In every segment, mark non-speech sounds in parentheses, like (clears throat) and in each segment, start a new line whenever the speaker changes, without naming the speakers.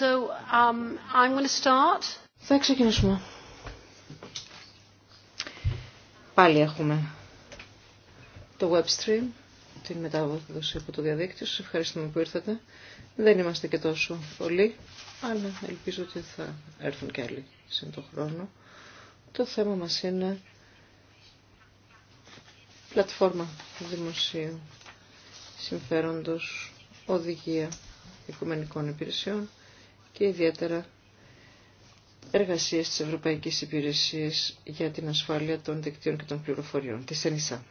Um,
θα ξεκινήσουμε. Πάλι έχουμε το web stream, την μετάδοση από το διαδίκτυο. Σας ευχαριστούμε που ήρθατε. Δεν είμαστε και τόσο πολλοί, αλλά ελπίζω ότι θα έρθουν και άλλοι σε το χρόνο. Το θέμα μας είναι πλατφόρμα δημοσίου συμφέροντος οδηγία οικουμενικών υπηρεσιών και ιδιαίτερα εργασίες της Ευρωπαϊκής Υπηρεσίας για την ασφάλεια των δικτύων και των πληροφοριών, της ΕΝΙΣΑ.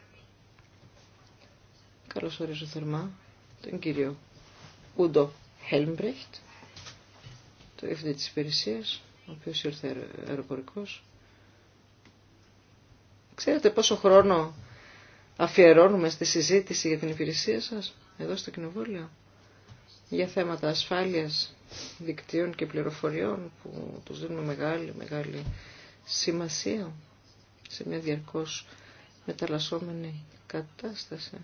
Καλώς ορίζω θερμά τον κύριο Ούντο Χέλμπρεχτ, το διευθυντή της υπηρεσίας, ο οποίος ήρθε αεροπορικός. Ξέρετε πόσο χρόνο αφιερώνουμε στη συζήτηση για την υπηρεσία σας εδώ στο Κοινοβούλιο για θέματα ασφάλειας δικτύων και πληροφοριών που τους δίνουμε μεγάλη, μεγάλη σημασία σε μια διαρκώς μεταλλασσόμενη κατάσταση.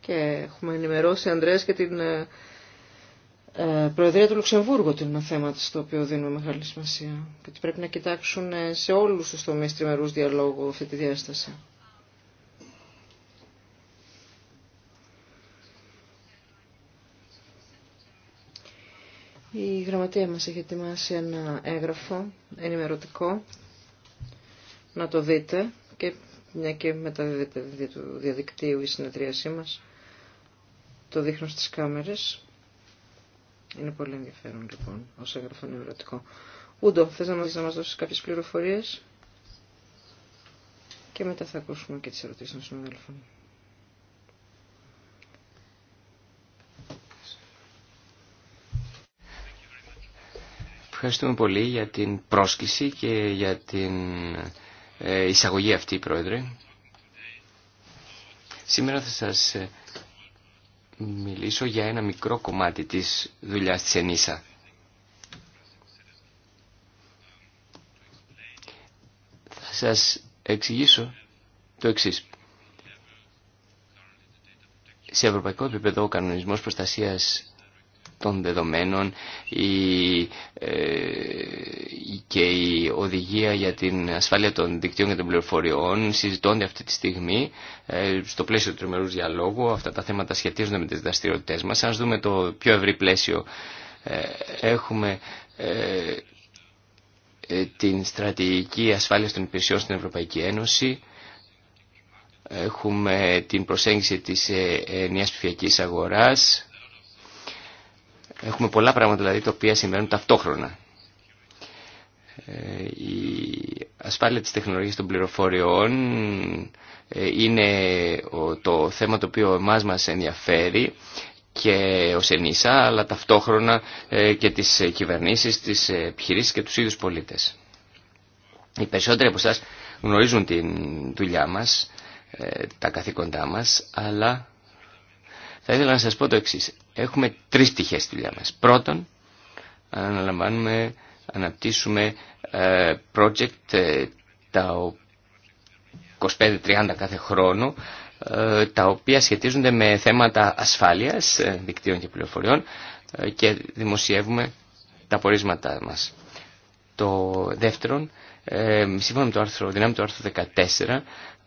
Και έχουμε ενημερώσει, Ανδρέας, και την ε, ε, Προεδρία του Λουξεμβούργου ότι είναι ένα θέμα στο οποίο δίνουμε μεγάλη σημασία. Και ότι πρέπει να κοιτάξουν ε, σε όλους τους τομείς τριμερούς διαλόγου αυτή τη διάσταση. Η γραμματεία μας έχει ετοιμάσει ένα έγγραφο ενημερωτικό, να το δείτε και μια και μεταδίδεται δι- του διαδικτύου η συνεδρίασή μας. Το δείχνω στις κάμερες. Είναι πολύ ενδιαφέρον λοιπόν ως έγγραφο ενημερωτικό. Ούντο, θες να μας, να μας δώσεις κάποιες πληροφορίες και μετά θα ακούσουμε και τις ερωτήσεις των συναδέλφων.
Ευχαριστούμε πολύ για την πρόσκληση και για την ε, εισαγωγή αυτή, Πρόεδρε. Σήμερα θα σας ε, μιλήσω για ένα μικρό κομμάτι της δουλειάς της ΕΝΙΣΑ. Θα σας εξηγήσω το εξής. Σε ευρωπαϊκό επίπεδο ο κανονισμός προστασίας των δεδομένων ε, και η οδηγία για την ασφάλεια των δικτύων και των πληροφοριών συζητώνται αυτή τη στιγμή ε, στο πλαίσιο του τριμερούς διαλόγου. Αυτά τα θέματα σχετίζονται με τις δραστηριότητες μας. Ας δούμε το πιο ευρύ πλαίσιο. Ε, έχουμε την στρατηγική ασφάλεια των υπηρεσιών στην Ευρωπαϊκή Ένωση. Έχουμε την προσέγγιση της νέας ψηφιακής αγοράς Έχουμε πολλά πράγματα δηλαδή τα οποία συμβαίνουν ταυτόχρονα. Ε, η ασφάλεια της τεχνολογίας των πληροφοριών ε, είναι το θέμα το οποίο εμάς μας ενδιαφέρει και ως ενίσα, αλλά ταυτόχρονα ε, και τις κυβερνήσεις, τις επιχειρήσει και τους ίδιους πολίτες. Οι περισσότεροι από εσάς γνωρίζουν την δουλειά μας, τα καθήκοντά μας, αλλά θα ήθελα να σας πω το εξής. Έχουμε τρεις στοιχεία στη δουλειά μας. Πρώτον, αναλαμβάνουμε, αναπτύσσουμε ε, project ε, τα 25-30 κάθε χρόνο, ε, τα οποία σχετίζονται με θέματα ασφάλειας δικτύων και πληροφοριών και δημοσιεύουμε τα πορίσματά μας. Το δεύτερον, σύμφωνα με το άρθρο, δυνάμει το άρθρο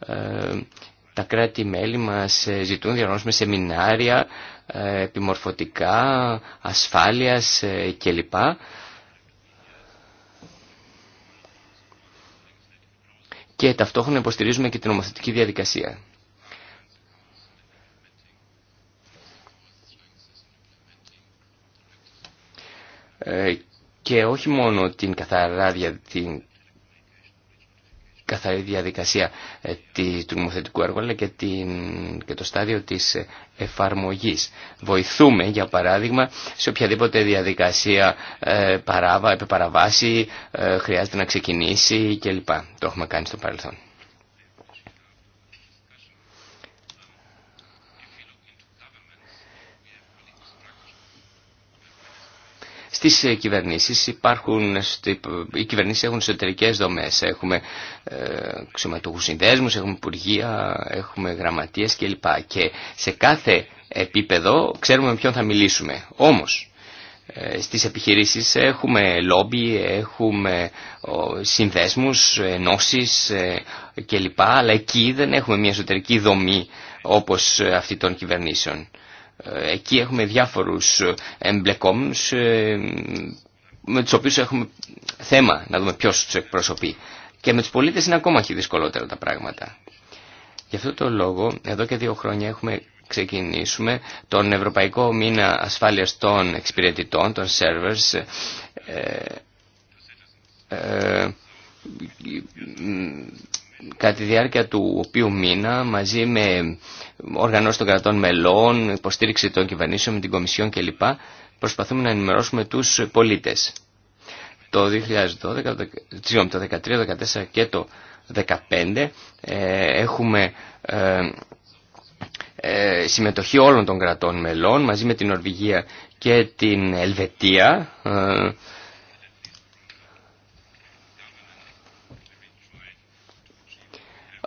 14, τα κράτη-μέλη μας ε, ζητούν με σεμινάρια ε, επιμορφωτικά, ασφάλειας ε, κλπ. Και ταυτόχρονα υποστηρίζουμε και την ομοθετική διαδικασία. και όχι μόνο την καθαρά την καθαρή διαδικασία ε, του νομοθετικού έργου αλλά και, το στάδιο της ε, εφαρμογής. Βοηθούμε για παράδειγμα σε οποιαδήποτε διαδικασία ε, παράβα, επεπαραβάση, χρειάζεται να ξεκινήσει κλπ. Το έχουμε κάνει στο παρελθόν. Στις ε, κυβερνήσεις υπάρχουν, οι κυβερνήσεις έχουν εσωτερικές δομές, έχουμε ε, συνδέσμους, έχουμε υπουργεία, έχουμε γραμματείες κλπ. Και σε κάθε επίπεδο ξέρουμε με ποιον θα μιλήσουμε. Όμως, ε, στις επιχειρήσεις έχουμε λόμπι, έχουμε συνδέσμους, ενώσεις ε, κλπ. Αλλά εκεί δεν έχουμε μια εσωτερική δομή όπως αυτή των κυβερνήσεων. Εκεί έχουμε διάφορους ε, εμπλεκόμενους ε, με τους οποίους έχουμε θέμα να δούμε ποιος τους εκπροσωπεί. Και με τους πολίτες είναι ακόμα και δυσκολότερα τα πράγματα. Γι' αυτό το λόγο εδώ και δύο χρόνια έχουμε ξεκινήσουμε τον Ευρωπαϊκό Μήνα Ασφάλειας των Εξυπηρετητών, των Servers, ε, κατά τη διάρκεια του οποίου μήνα μαζί με οργανώσεις των κρατών μελών, υποστήριξη των κυβερνήσεων με την Κομισιόν κλπ. προσπαθούμε να ενημερώσουμε τους πολίτες. Το 2012, το 2013, 2014 και το 2015 ε, έχουμε ε, ε, συμμετοχή όλων των κρατών μελών μαζί με την Ορβηγία και την Ελβετία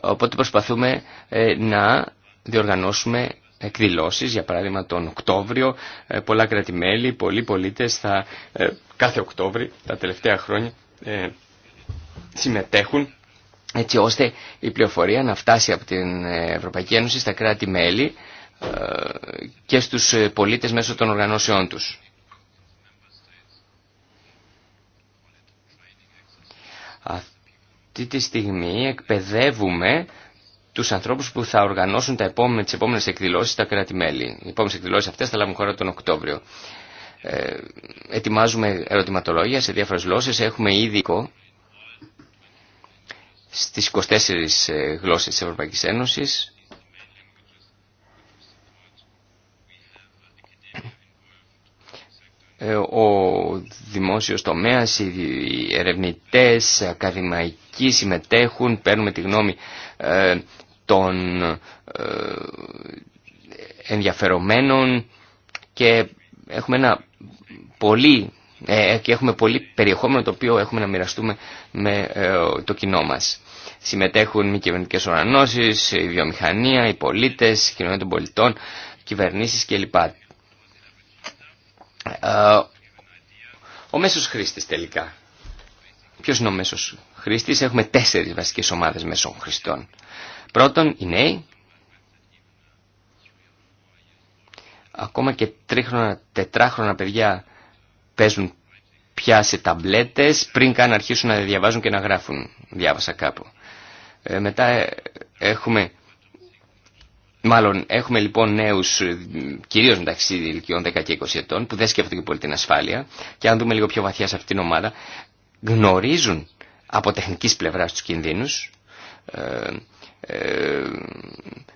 Οπότε προσπαθούμε ε, να διοργανώσουμε εκδηλώσεις, για παράδειγμα τον Οκτώβριο, ε, πολλά κρατημέλη, πολλοί πολίτες θα, ε, κάθε Οκτώβριο τα τελευταία χρόνια συμμετέχουν έτσι ώστε η πληροφορία να φτάσει από την Ευρωπαϊκή Ένωση στα κράτη-μέλη και στους πολίτες μέσω των οργανώσεών τους αυτή τη στιγμή εκπαιδεύουμε τους ανθρώπους που θα οργανώσουν τα επόμενα, εκδηλώσει εκδηλώσεις στα κράτη-μέλη. Οι επόμενε εκδηλώσει αυτές θα λάβουν χώρα τον Οκτώβριο. Ε, ετοιμάζουμε ερωτηματολόγια σε διάφορε γλώσσε. Έχουμε ήδη στις 24 ε, γλώσσες τη Ευρωπαϊκής Ένωσης. Ε, ο δημόσιος τομέας, οι ερευνητές, ακαδημαϊκοί, συμμετέχουν, παίρνουμε τη γνώμη ε, των ε, ενδιαφερομένων και έχουμε ένα πολύ ε, και έχουμε πολύ περιεχόμενο το οποίο έχουμε να μοιραστούμε με το κοινό μας. Συμμετέχουν μη κυβερνητικέ οργανώσει, η βιομηχανία, οι πολίτε, η κοινωνία των πολιτών, κυβερνήσεις κλπ. Ο μέσο χρήστη τελικά. Ποιος είναι ο μέσο χρήστης έχουμε τέσσερις βασικές ομάδες μέσων χρηστών. Πρώτον, οι νέοι, ακόμα και τρίχρονα, τετράχρονα παιδιά παίζουν πια σε ταμπλέτες πριν καν αρχίσουν να διαβάζουν και να γράφουν, διάβασα κάπου. Ε, μετά ε, έχουμε, μάλλον έχουμε λοιπόν νέους, ε, κυρίως μεταξύ ηλικιών 10 και 20 ετών, που δεν σκέφτονται και πολύ την ασφάλεια, και αν δούμε λίγο πιο βαθιά σε αυτήν την ομάδα, γνωρίζουν από τεχνικής πλευράς τους κινδύνους, ε, ε,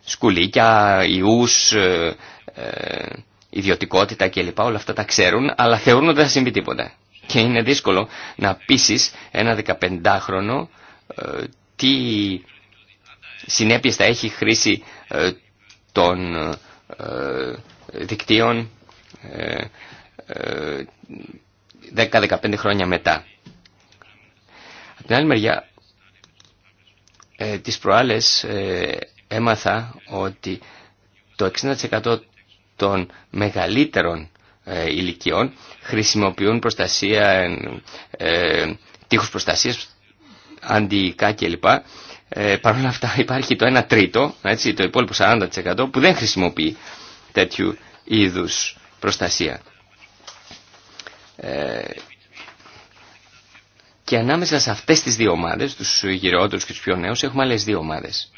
σκουλίκια, ιούς, ε, ε, ιδιωτικότητα κλπ. Όλα αυτά τα ξέρουν, αλλά θεωρούν ότι δεν θα συμβεί τίποτα. Και είναι δύσκολο να πείσει ένα 15χρονο ε, τι συνέπειες θα έχει χρήση ε, των δικτύων 10-15 χρόνια μετά την άλλη μεριά, ε, τις προάλλες ε, έμαθα ότι το 60% των μεγαλύτερων ε, ηλικιών χρησιμοποιούν προστασία, ε, τείχους προστασίας, αντιϊκά κλπ. Ε, Παρ' όλα αυτά υπάρχει το 1 τρίτο, έτσι, το υπόλοιπο 40% που δεν χρησιμοποιεί τέτοιου είδους προστασία. Ε, και ανάμεσα σε αυτές τις δύο ομάδες, τους γυρεότερους και τους πιο νέους, έχουμε άλλες δύο ομάδες.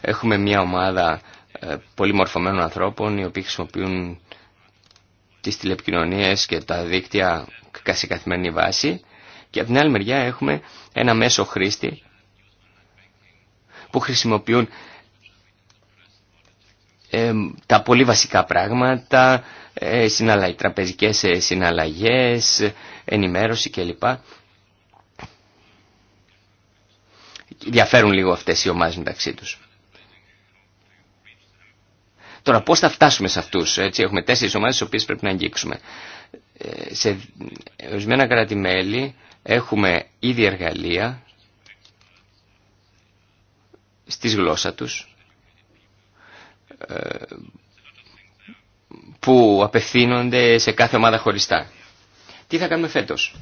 Έχουμε μια ομάδα ε, πολύ μορφωμένων ανθρώπων, οι οποίοι χρησιμοποιούν τις τηλεπικοινωνίες και τα δίκτυα σε καθημερινή βάση. Και από την άλλη μεριά έχουμε ένα μέσο χρήστη που χρησιμοποιούν ε, τα πολύ βασικά πράγματα, ε, συναλλαγές, τραπεζικές ε, συναλλαγές, ενημέρωση κλπ. διαφέρουν λίγο αυτές οι ομάδες μεταξύ τους. Τώρα πώς θα φτάσουμε σε αυτούς, έτσι έχουμε τέσσερις ομάδες τις οποίες πρέπει να αγγίξουμε. Ε, σε ορισμένα κράτη-μέλη έχουμε ήδη εργαλεία στη γλώσσα τους ε, που απευθύνονται σε κάθε ομάδα χωριστά. Τι θα κάνουμε φέτος.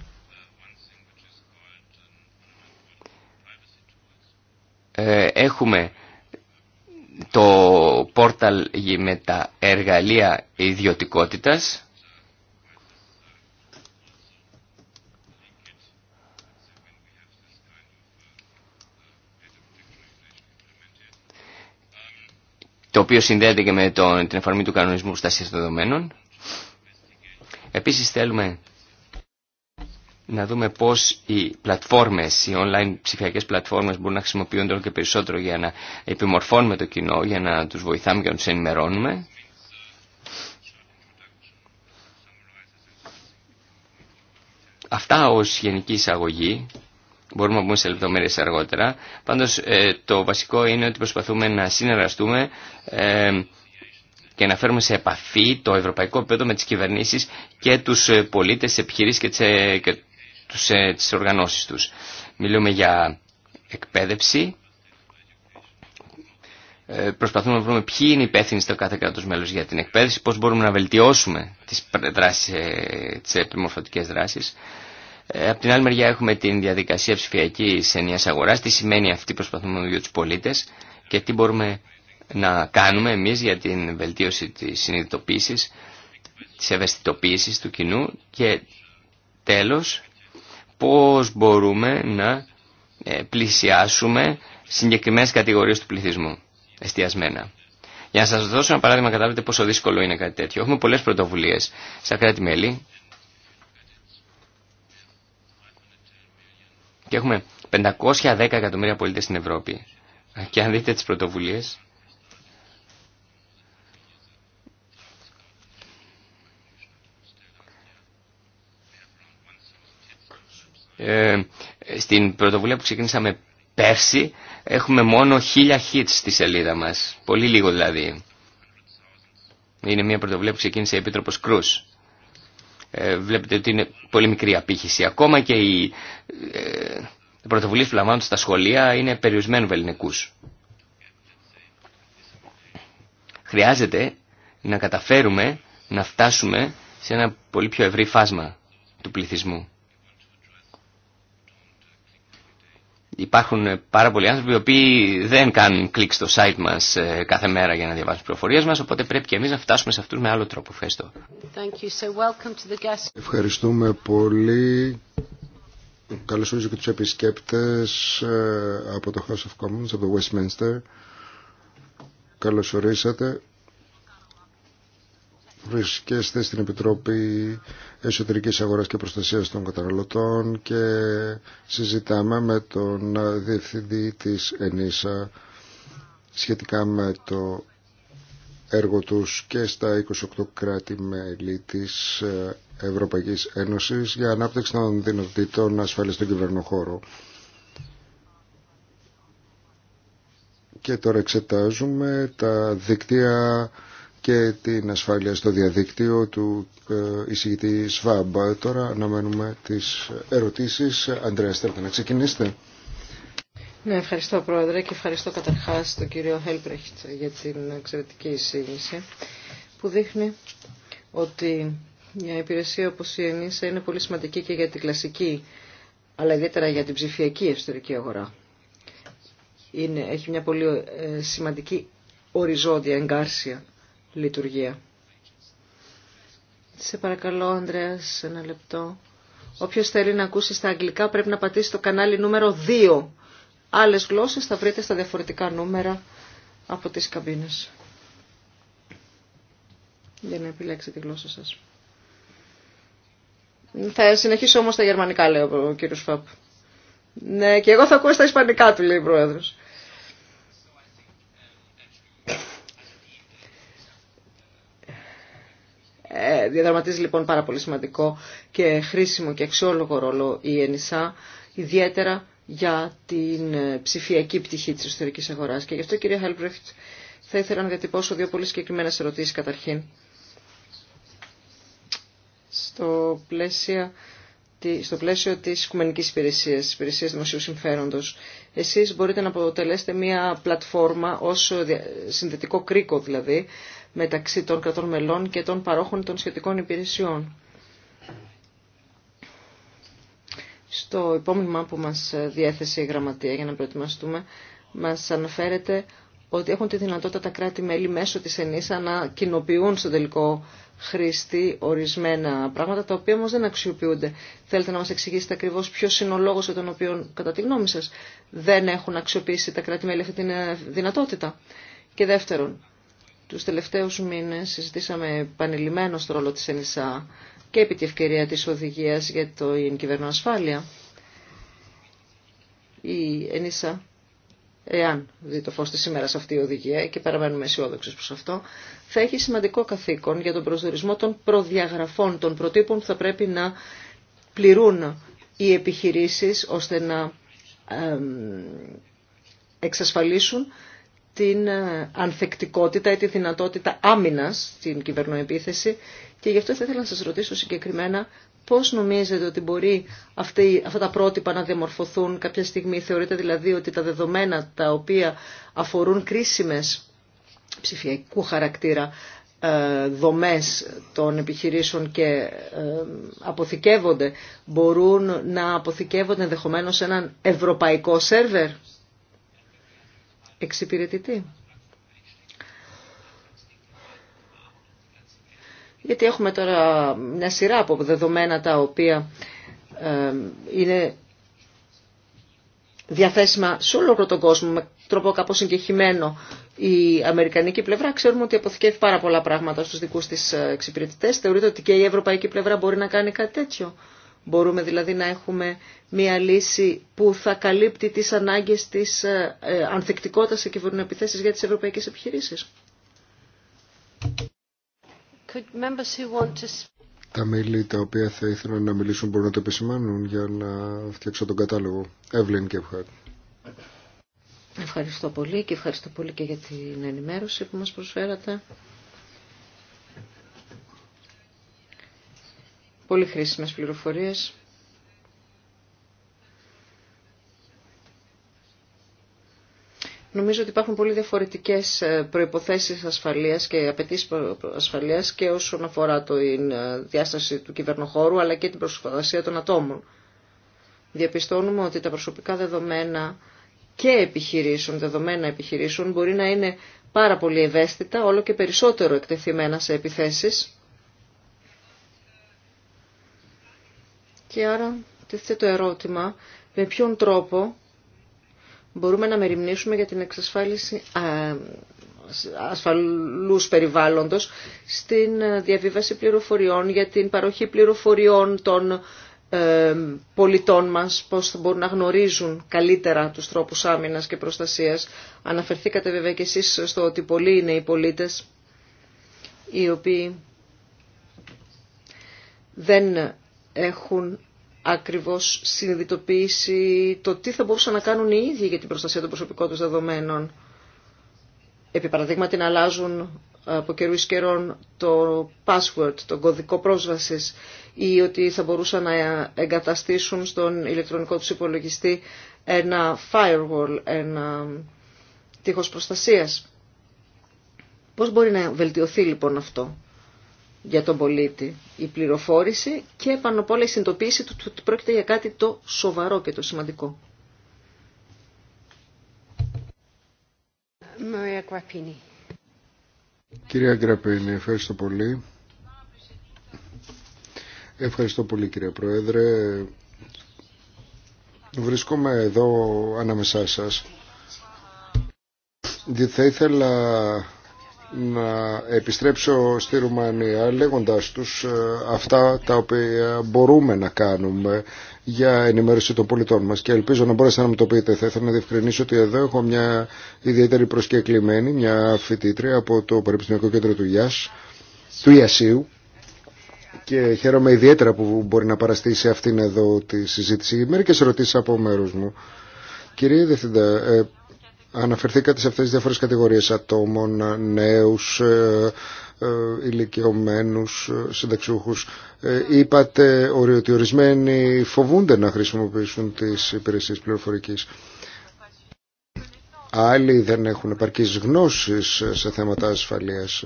Ε, έχουμε το πόρταλ με τα εργαλεία ιδιωτικότητας το οποίο συνδέεται και με τον, την εφαρμή του κανονισμού προστασίας δεδομένων. Επίσης θέλουμε να δούμε πώς οι πλατφόρμες, οι online ψηφιακές πλατφόρμες μπορούν να χρησιμοποιούνται όλο και περισσότερο για να επιμορφώνουμε το κοινό, για να τους βοηθάμε και να τους ενημερώνουμε. Αυτά ως γενική εισαγωγή, μπορούμε να πούμε σε λεπτομέρειες αργότερα. Πάντως ε, το βασικό είναι ότι προσπαθούμε να συνεργαστούμε ε, και να φέρουμε σε επαφή το ευρωπαϊκό επίπεδο με τις κυβερνήσεις και τους ε, πολίτες, επιχειρήσει και, και τους, ε, τις οργανώσεις τους. Μιλούμε για εκπαίδευση. Ε, προσπαθούμε να βρούμε ποιοι είναι υπεύθυνοι στο κάθε κράτος μέλος για την εκπαίδευση, πώς μπορούμε να βελτιώσουμε τις, δράσεις, ε, τις δράσεις. Ε, από την άλλη μεριά έχουμε την διαδικασία ψηφιακή ενιαίας αγοράς. Τι σημαίνει αυτή προσπαθούμε για τους πολίτες και τι μπορούμε να κάνουμε εμείς για την βελτίωση της συνειδητοποίησης, της ευαισθητοποίησης του κοινού και τέλος πώς μπορούμε να ε, πλησιάσουμε συγκεκριμένες κατηγορίες του πληθυσμού εστιασμένα. Για να σας δώσω ένα παράδειγμα καταλάβετε πόσο δύσκολο είναι κάτι τέτοιο. Έχουμε πολλές πρωτοβουλίες στα κράτη-μέλη και έχουμε 510 εκατομμύρια πολίτες στην Ευρώπη. Και αν δείτε τις πρωτοβουλίες Ε, στην πρωτοβουλία που ξεκίνησαμε πέρσι έχουμε μόνο χίλια hits στη σελίδα μας. Πολύ λίγο δηλαδή. Είναι μια πρωτοβουλία που ξεκίνησε η Επίτροπος Κρούς. Ε, βλέπετε ότι είναι πολύ μικρή απήχηση. Ακόμα και οι ε, πρωτοβουλίε που λαμβάνονται στα σχολεία είναι περιορισμένου ελληνικού. Χρειάζεται να καταφέρουμε να φτάσουμε σε ένα πολύ πιο ευρύ φάσμα του πληθυσμού. υπάρχουν πάρα πολλοί άνθρωποι οι οποίοι δεν κάνουν κλικ στο site μας ε, κάθε μέρα για να διαβάσουν προφορίες μας, οπότε πρέπει και εμείς να
φτάσουμε σε αυτούς με άλλο τρόπο. Ευχαριστώ. Ευχαριστούμε πολύ. Καλωσορίζω και τους επισκέπτες ε, από το House of Commons, από το Westminster. Καλώς ορίσατε βρισκέστε στην Επιτροπή Εσωτερικής Αγοράς και Προστασίας των Καταναλωτών και συζητάμε με τον Διευθυντή της ΕΝΙΣΑ σχετικά με το έργο τους και στα 28 κράτη-μέλη της ε, Ευρωπαϊκής Ένωσης για ανάπτυξη των δυνατοτήτων ασφάλειας στον κυβερνοχώρο. Και τώρα εξετάζουμε τα δίκτυα και την ασφάλεια στο διαδίκτυο του ε, εισηγητή ΣΒΑΜΠΑ. Τώρα αναμένουμε τις ερωτήσεις. Αντρέα, θέλετε να ξεκινήσετε.
Ναι, ευχαριστώ Πρόεδρε και ευχαριστώ καταρχάς τον κύριο Χέλπρεχτ για την εξαιρετική εισήγηση που δείχνει ότι μια υπηρεσία όπως η ΕΝΙΣΑ είναι πολύ σημαντική και για την κλασική αλλά ιδιαίτερα για την ψηφιακή εσωτερική αγορά. Είναι, έχει μια πολύ ε, σημαντική οριζόντια εγκάρσια λειτουργία. Σε παρακαλώ, Ανδρέας, ένα λεπτό. Όποιος θέλει να ακούσει στα αγγλικά πρέπει να πατήσει το κανάλι νούμερο 2. Άλλες γλώσσες θα βρείτε στα διαφορετικά νούμερα από τις καμπίνες. Για να επιλέξετε τη γλώσσα σας. Θα συνεχίσω όμως στα γερμανικά, λέει ο κύριος Φαπ. Ναι, και εγώ θα ακούω στα ισπανικά του, λέει ο πρόεδρος. Ε, διαδραματίζει λοιπόν πάρα πολύ σημαντικό και χρήσιμο και αξιόλογο ρόλο η ΕΝΙΣΑ, ιδιαίτερα για την ε, ψηφιακή πτυχή της εσωτερικής αγοράς. Και γι' αυτό κυρία Χέλμπρεχτ θα ήθελα να διατυπώσω δύο πολύ συγκεκριμένες ερωτήσεις καταρχήν. Στο πλαίσιο, στο πλαίσιο της Οικουμενικής Υπηρεσίας, της Υπηρεσίας Δημοσίου Συμφέροντος, εσείς μπορείτε να αποτελέσετε μια πλατφόρμα ω ε, συνδετικό κρίκο δηλαδή, μεταξύ των κρατών μελών και των παρόχων των σχετικών υπηρεσιών. Στο επόμενο που μας διέθεσε η Γραμματεία για να προετοιμαστούμε, μας αναφέρεται ότι έχουν τη δυνατότητα τα κράτη-μέλη μέσω της ΕΝΗΣΑ να κοινοποιούν στον τελικό χρήστη ορισμένα πράγματα, τα οποία όμως δεν αξιοποιούνται. Θέλετε να μας εξηγήσετε ακριβώς ποιο είναι ο λόγος για τον οποίο, κατά τη γνώμη σας, δεν έχουν αξιοποιήσει τα κράτη-μέλη αυτή τη δυνατότητα. Και δεύτερον, τους τελευταίους μήνες συζητήσαμε πανελειμμένο στο ρόλο της ΕΝΙΣΑ και επί τη ευκαιρία της οδηγίας για την ασφάλεια. Η ΕΝΙΣΑ, εάν δει το φως της σήμερα σε αυτή η οδηγία και παραμένουμε αισιόδοξοι προς αυτό, θα έχει σημαντικό καθήκον για τον προσδορισμό των προδιαγραφών, των προτύπων που θα πρέπει να πληρούν οι επιχειρήσεις ώστε να εξασφαλίσουν την ε, ανθεκτικότητα ή τη δυνατότητα άμυνας στην κυβερνοεπίθεση και γι' αυτό θα ήθελα να σας ρωτήσω συγκεκριμένα πώς νομίζετε ότι μπορεί αυτή, αυτά τα πρότυπα να διαμορφωθούν κάποια στιγμή. Θεωρείτε δηλαδή ότι τα δεδομένα τα οποία αφορούν κρίσιμες ψηφιακού χαρακτήρα ε, δομές των επιχειρήσεων και ε, αποθηκεύονται, μπορούν να αποθηκεύονται ενδεχομένως σε έναν ευρωπαϊκό σερβερ εξυπηρετητή. Γιατί έχουμε τώρα μια σειρά από δεδομένα τα οποία είναι διαθέσιμα σε όλο τον κόσμο με τρόπο κάπως συγκεχημένο η αμερικανική πλευρά. Ξέρουμε ότι αποθηκεύει πάρα πολλά πράγματα στους δικούς της ε, εξυπηρετητές. Θεωρείται ότι και η ευρωπαϊκή πλευρά μπορεί να κάνει κάτι τέτοιο. Μπορούμε δηλαδή να έχουμε μία λύση που θα καλύπτει τις ανάγκες της ε, ε, ανθεκτικότητας σε επιθέσεις για τις ευρωπαϊκές επιχειρήσεις.
Τα μέλη τα οποία θα ήθελαν να μιλήσουν μπορούν να το επισημάνουν για να φτιάξω τον κατάλογο. Εύλην και ευχαριστώ.
Ευχαριστώ πολύ και ευχαριστώ πολύ και για την ενημέρωση που μας προσφέρατε. Πολύ χρήσιμες πληροφορίες. Νομίζω ότι υπάρχουν πολύ διαφορετικές ε, προϋποθέσεις ασφαλείας και απαιτήσει ασφαλείας και όσον αφορά τη ε, διάσταση του κυβερνοχώρου αλλά και την προσφατασία των ατόμων. Διαπιστώνουμε ότι τα προσωπικά δεδομένα και επιχειρήσεων, δεδομένα επιχειρήσεων μπορεί να είναι πάρα πολύ ευαίσθητα, όλο και περισσότερο εκτεθειμένα σε επιθέσεις Και άρα τίθεται το ερώτημα με ποιον τρόπο μπορούμε να μεριμνήσουμε για την εξασφάλιση ασφαλούς περιβάλλοντος στην ε, διαβίβαση πληροφοριών, για την παροχή πληροφοριών των ε, πολιτών μας, πώς θα μπορούν να γνωρίζουν καλύτερα τους τρόπους άμυνας και προστασίας. Αναφερθήκατε βέβαια και εσείς στο ότι πολλοί είναι οι πολίτες οι οποίοι δεν έχουν ακριβώς συνειδητοποιήσει το τι θα μπορούσαν να κάνουν οι ίδιοι για την προστασία των προσωπικών τους δεδομένων. Επί παραδείγματι να αλλάζουν ε, από καιρού εις καιρών το password, τον κωδικό πρόσβασης ή ότι θα μπορούσαν να ε, εγκαταστήσουν στον ηλεκτρονικό τους υπολογιστή ένα firewall, ένα τείχος προστασίας. Πώς μπορεί να βελτιωθεί λοιπόν αυτό για τον πολίτη η πληροφόρηση και πάνω απ' όλα η συνειδητοποίηση του ότι πρόκειται για κάτι το σοβαρό και το σημαντικό.
Κυρία Γκραπίνη, ευχαριστώ πολύ. Ευχαριστώ πολύ κύριε Πρόεδρε. Βρισκόμαι εδώ ανάμεσά σας. Θα ήθελα να επιστρέψω στη Ρουμανία λέγοντας τους ε, αυτά τα οποία μπορούμε να κάνουμε για ενημέρωση των πολιτών μας και ελπίζω να μπορέσετε να μου το πείτε. Θα ήθελα να διευκρινίσω ότι εδώ έχω μια ιδιαίτερη προσκεκλημένη, μια φοιτήτρια από το Πανεπιστημιακό Κέντρο του ΙΑΣ, του Ιασίου και χαίρομαι ιδιαίτερα που μπορεί να παραστήσει αυτήν εδώ τη συζήτηση. Μερικές ερωτήσεις από μέρους μου. Κύριε Διευθυντά, ε, Αναφερθήκατε σε αυτές τις διάφορες κατηγορίες ατόμων, νέους, ε, ε, ηλικιωμένους, συνταξιούχους. Ε, είπατε ότι ορισμένοι φοβούνται να χρησιμοποιήσουν τις υπηρεσίες πληροφορικής. Άλλοι δεν έχουν επαρκείς γνώσεις σε θέματα ασφαλείας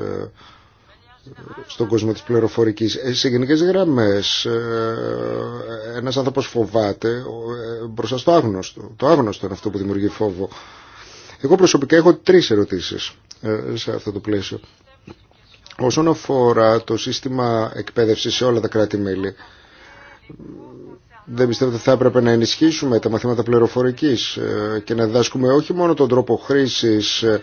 στον κόσμο της πληροφορικής. Σε γενικές γραμμές ένας άνθρωπος φοβάται μπροστά στο άγνωστο. Το άγνωστο είναι αυτό που δημιουργεί φόβο. Εγώ προσωπικά έχω τρεις ερωτήσεις ε, σε αυτό το πλαίσιο. Όσον αφορά το σύστημα εκπαίδευση σε όλα τα κράτη-μέλη, δεν πιστεύω ότι θα έπρεπε να ενισχύσουμε τα μαθήματα πληροφορικής ε, και να διδάσκουμε όχι μόνο τον τρόπο χρήσης ε,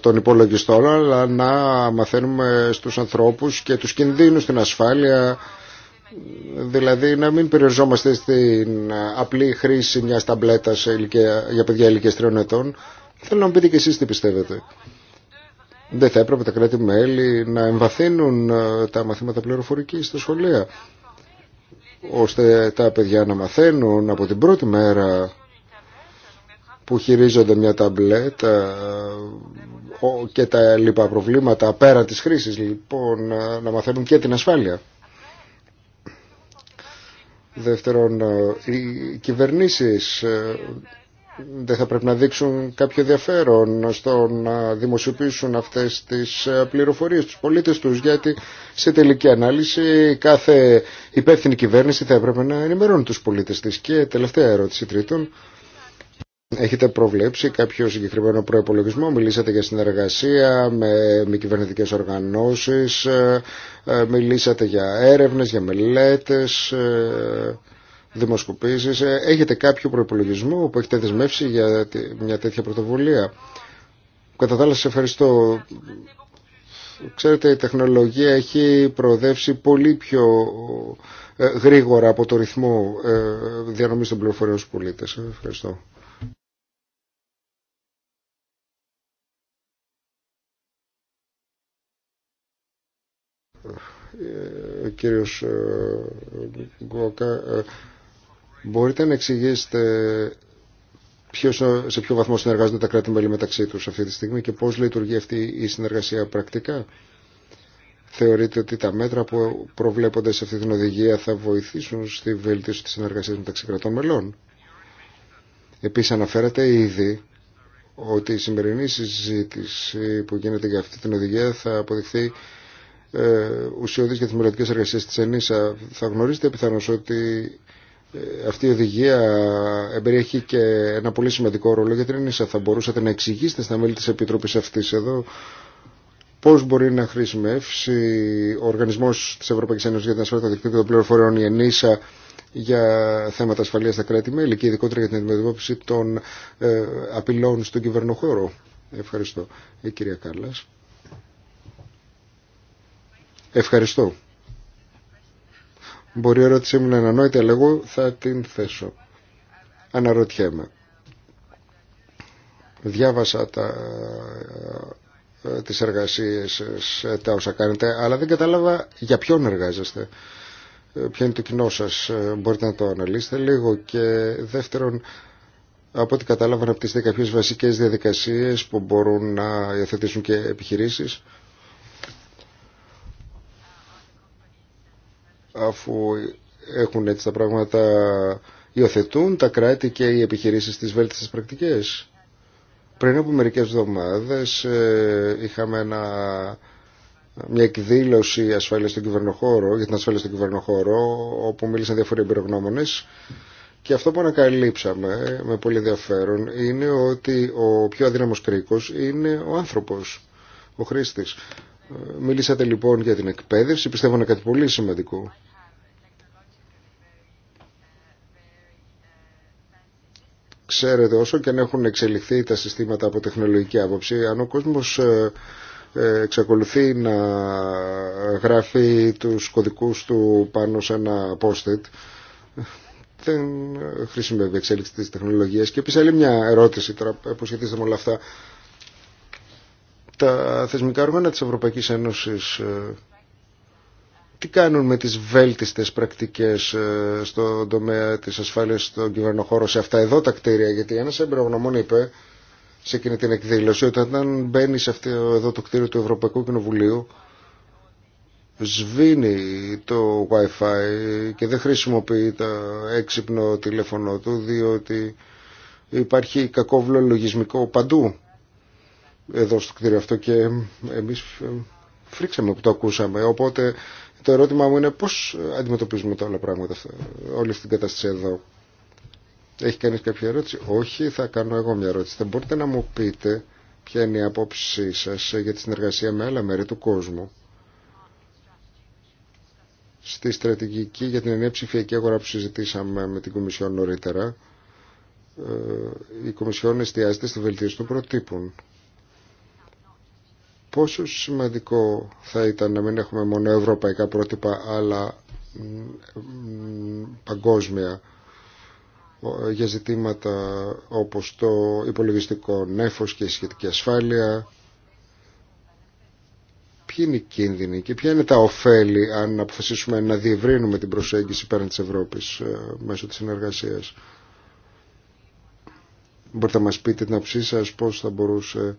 των υπολογιστών αλλά να μαθαίνουμε στους ανθρώπους και τους κινδύνους, στην ασφάλεια, Δηλαδή να μην περιοριζόμαστε στην απλή χρήση μιας ταμπλέτας για παιδιά ηλικίας τριών ετών. Θέλω να μου πείτε και εσείς τι πιστεύετε. Δεν θα έπρεπε τα κράτη-μέλη να εμβαθύνουν ε, τα μαθήματα πληροφορικής στα σχολεία ώστε τα παιδιά να μαθαίνουν από την πρώτη μέρα που χειρίζονται μια ταμπλέτα ε, και τα λοιπά προβλήματα πέρα της χρήσης λοιπόν ε, να μαθαίνουν και την ασφάλεια. Δεύτερον, ε, οι κυβερνήσεις ε, δεν θα πρέπει να δείξουν κάποιο ενδιαφέρον στο να δημοσιοποιήσουν αυτές τις ε, πληροφορίες τους πολίτες τους γιατί σε τελική ανάλυση κάθε υπεύθυνη κυβέρνηση θα έπρεπε να ενημερώνει τους πολίτες της. Και τελευταία ερώτηση τρίτον, Έχετε προβλέψει κάποιο συγκεκριμένο προπολογισμό, μιλήσατε για συνεργασία με μη κυβερνητικέ οργανώσει, ε, ε, μιλήσατε για έρευνε, για μελέτε, ε, δημοσκοπήσεις. Έχετε κάποιο προπολογισμό που έχετε δεσμεύσει για μια τέτοια πρωτοβουλία. Κατά τα άλλα, σα ευχαριστώ. Ξέρετε, η τεχνολογία έχει προοδεύσει πολύ πιο γρήγορα από το ρυθμό διανομή των πληροφοριών στους πολίτες. Ευχαριστώ. ο ε, κύριος ε, Γκόκα, ε, μπορείτε να εξηγήσετε ποιος, σε ποιο βαθμό συνεργάζονται τα κράτη-μέλη μεταξύ τους αυτή τη στιγμή και πώς λειτουργεί αυτή η συνεργασία πρακτικά. Θεωρείτε ότι τα μέτρα που προβλέπονται σε αυτή την οδηγία θα βοηθήσουν στη βελτίωση της συνεργασίας μεταξύ κρατών μελών. Επίσης αναφέρατε ήδη ότι η σημερινή συζήτηση που γίνεται για αυτή την οδηγία θα αποδειχθεί ε, ουσιώδη για τις μελλοντικές εργασίες της ΕΝΗΣΑ. Θα γνωρίζετε πιθανώς ότι ε, αυτή η οδηγία εμπεριέχει και ένα πολύ σημαντικό ρόλο για την ΕΝΗΣΑ. Θα μπορούσατε να εξηγήσετε στα μέλη της Επιτροπής αυτής εδώ πώς μπορεί να χρησιμεύσει ο Οργανισμός της Ευρωπαϊκής Ένωσης για την Ασφάλεια των Δικτύων των Πληροφοριών, η ΕΝΗΣΑ, για θέματα ασφαλείας στα κράτη-μέλη και ειδικότερα για την αντιμετώπιση των ε, απειλών στον κυβερνοχώρο. Ευχαριστώ. Ε, κυρία Κάρλας. Ευχαριστώ. Μπορεί η ερώτησή μου να είναι ανόητη, αλλά εγώ θα την θέσω. Αναρωτιέμαι. Διάβασα τα, ε, τις εργασίες τα όσα κάνετε, αλλά δεν κατάλαβα για ποιον εργάζεστε. Ε, ποιο είναι το κοινό σας, ε, μπορείτε να το αναλύσετε λίγο. Και δεύτερον, από ό,τι κατάλαβα να πτήσετε κάποιες βασικές διαδικασίες που μπορούν να υιοθετήσουν και επιχειρήσεις. αφού έχουν έτσι τα πράγματα υιοθετούν τα κράτη και οι επιχειρήσεις στις βέλτιστες πρακτικές. Πριν από μερικές εβδομάδες ε, είχαμε μια εκδήλωση ασφάλειας στον κυβερνοχώρο, για την ασφάλεια στον κυβερνοχώρο, όπου μίλησαν διάφοροι εμπειρογνώμονες. Και αυτό που ανακαλύψαμε με πολύ ενδιαφέρον είναι ότι ο πιο αδύναμος κρίκος είναι ο άνθρωπος, ο χρήστης. Μιλήσατε λοιπόν για την εκπαίδευση, πιστεύω είναι κάτι πολύ σημαντικό. Ξέρετε, όσο και αν έχουν εξελιχθεί τα συστήματα από τεχνολογική άποψη, αν ο κόσμος ε, ε, εξακολουθεί να γράφει τους κωδικούς του πάνω σε ένα post-it, δεν χρησιμεύει εξέλιξη της τεχνολογίας. Και επίσης άλλη μια ερώτηση τώρα που σχετίζεται με όλα αυτά τα θεσμικά όργανα της Ευρωπαϊκής Ένωσης ε, τι κάνουν με τις βέλτιστες πρακτικές ε, στον τομέα της ασφάλειας στον κυβερνοχώρο σε αυτά εδώ τα κτίρια γιατί ένας εμπειρογνωμόν είπε σε εκείνη την εκδήλωση ότι όταν μπαίνει σε αυτό εδώ το κτίριο του Ευρωπαϊκού Κοινοβουλίου σβήνει το Wi-Fi και δεν χρησιμοποιεί το έξυπνο τηλέφωνο του διότι υπάρχει κακόβλο λογισμικό παντού εδώ στο κτίριο αυτό και εμείς ε, φρίξαμε που το ακούσαμε. Οπότε το ερώτημά μου είναι πώς αντιμετωπίζουμε τα όλα πράγματα, όλη αυτή την κατάσταση εδώ. Έχει κανείς κάποια ερώτηση. Όχι, θα κάνω εγώ μια ερώτηση. Δεν μπορείτε να μου πείτε ποια είναι η απόψη σας για τη συνεργασία με άλλα μέρη του κόσμου στη στρατηγική για την ενέα ψηφιακή αγορά που συζητήσαμε με την Κομισιόν νωρίτερα. Ε, η Κομισιόν εστιάζεται στη βελτίωση των προτύπων πόσο σημαντικό θα ήταν να μην έχουμε μόνο ευρωπαϊκά πρότυπα αλλά παγκόσμια για ζητήματα όπως το υπολογιστικό νέφος και η σχετική ασφάλεια ποιοι είναι οι κίνδυνοι και ποια είναι τα ωφέλη αν αποφασίσουμε να διευρύνουμε την προσέγγιση πέραν της Ευρώπης ε, μέσω της συνεργασίας μπορείτε να μας πείτε την αψή σας πώς θα μπορούσε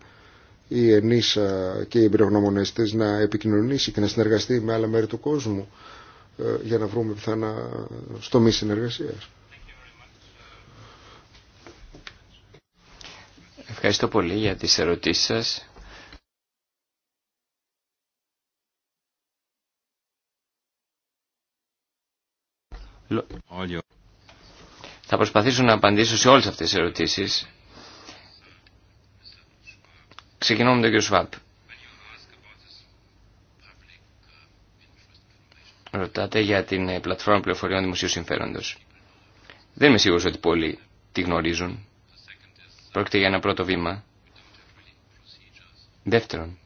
η ΕΝΗΣΑ και οι εμπειρογνώμονες της να επικοινωνήσει και να συνεργαστεί με άλλα μέρη του κόσμου ε, για να βρούμε πιθανά στομή συνεργασία.
Ευχαριστώ πολύ για τις ερωτήσεις σας. Θα προσπαθήσω να απαντήσω σε όλες αυτές τις ερωτήσεις. Ξεκινώ με τον κύριο Σβάπ. Ρωτάτε για την ε, πλατφόρμα πληροφοριών δημοσίου συμφέροντος. Δεν είμαι σίγουρος ότι πολλοί τη γνωρίζουν. Πρόκειται για ένα πρώτο βήμα. Δεύτερον,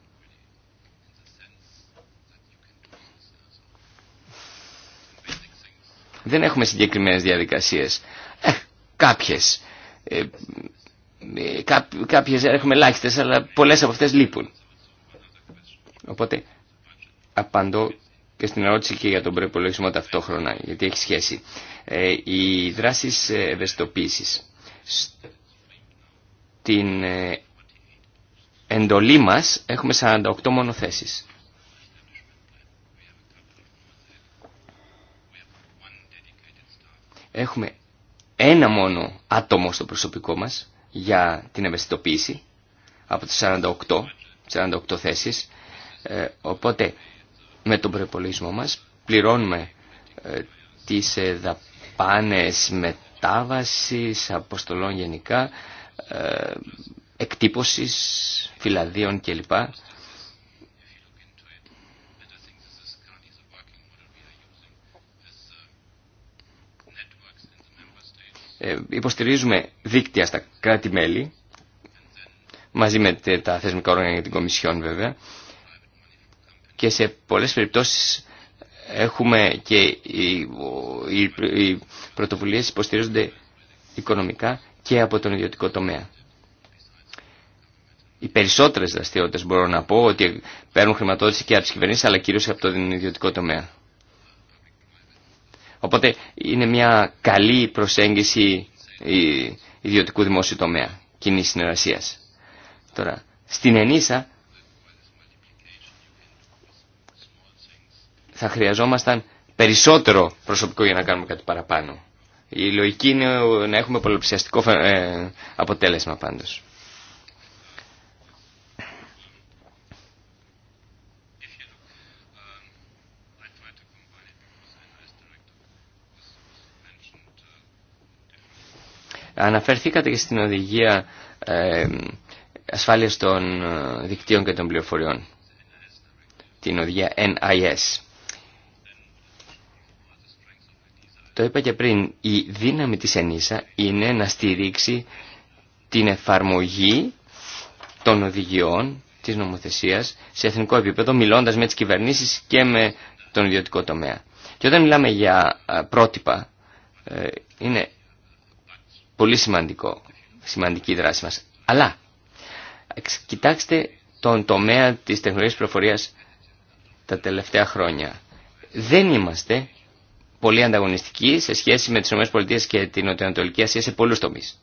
δεν έχουμε συγκεκριμένες διαδικασίες. Ε, κάποιες. Ε, ε, κάποιες έχουμε ελάχιστε, αλλά πολλές από αυτές λείπουν. Οπότε απαντώ και στην ερώτηση και για τον προπολογισμό ταυτόχρονα, γιατί έχει σχέση. Ε, οι δράσεις ευαισθητοποίησης. Στην ε, εντολή μας έχουμε 48 μονοθέσεις. Έχουμε ένα μόνο άτομο στο προσωπικό μας για την ευαισθητοποίηση από τις 48, 48 θέσεις. Ε, οπότε με τον προπολογισμό μας πληρώνουμε ε, τις ε, δαπάνες μετάβασης, αποστολών γενικά, ε, εκτύπωσης, φυλαδίων κλπ. Ε, υποστηρίζουμε δίκτυα στα κράτη-μέλη, μαζί με τα θεσμικά όργανα για την Κομισιόν βέβαια, και σε πολλές περιπτώσεις έχουμε και οι, οι, πρωτοβουλίες υποστηρίζονται οικονομικά και από τον ιδιωτικό τομέα. Οι περισσότερες δραστηριότητε μπορώ να πω ότι παίρνουν χρηματοδότηση και από τις κυβερνήσεις αλλά κυρίως από τον ιδιωτικό τομέα. Οπότε είναι μια καλή προσέγγιση ιδιωτικού δημόσιου τομέα, κοινή συνεργασία. Τώρα, στην Ενίσα θα χρειαζόμασταν περισσότερο προσωπικό για να κάνουμε κάτι παραπάνω. Η λογική είναι να έχουμε πολλαπλασιαστικό ε, αποτέλεσμα πάντως. Αναφερθήκατε και στην οδηγία ε, ασφάλειας των ε, δικτύων και των πληροφοριών. Την οδηγία NIS. Το είπα και πριν, η δύναμη της ΕΝΙΣΑ είναι να στηρίξει την εφαρμογή των οδηγιών της νομοθεσίας σε εθνικό επίπεδο, μιλώντας με τις κυβερνήσεις και με τον ιδιωτικό τομέα. Και όταν μιλάμε για ε, πρότυπα, ε, είναι Πολύ σημαντικό, σημαντική δράση μας. Αλλά, κοιτάξτε τον τομέα της τεχνολογίας προφορίας τα τελευταία χρόνια. Δεν είμαστε πολύ ανταγωνιστικοί σε σχέση με τις ΗΠΑ και την Νοτιοανατολική Ασία σε πολλούς τομείς.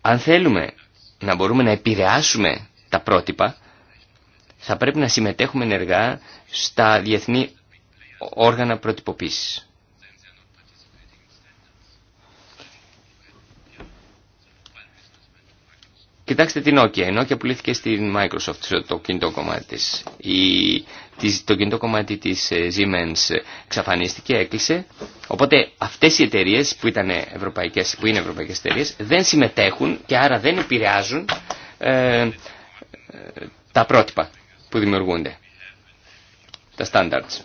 Αν θέλουμε να μπορούμε να επηρεάσουμε τα πρότυπα, θα πρέπει να συμμετέχουμε ενεργά στα διεθνή όργανα προτυποποίησης. Κοιτάξτε την Nokia. Η Nokia πουλήθηκε στην Microsoft, το κινητό κομμάτι της. το κινητό κομμάτι της ε, Siemens εξαφανίστηκε, έκλεισε. Οπότε αυτές οι εταιρείες που, ήταν ευρωπαϊκές, που είναι ευρωπαϊκές εταιρείες δεν συμμετέχουν και άρα δεν επηρεάζουν ε, τα πρότυπα που δημιουργούνται. Τα standards.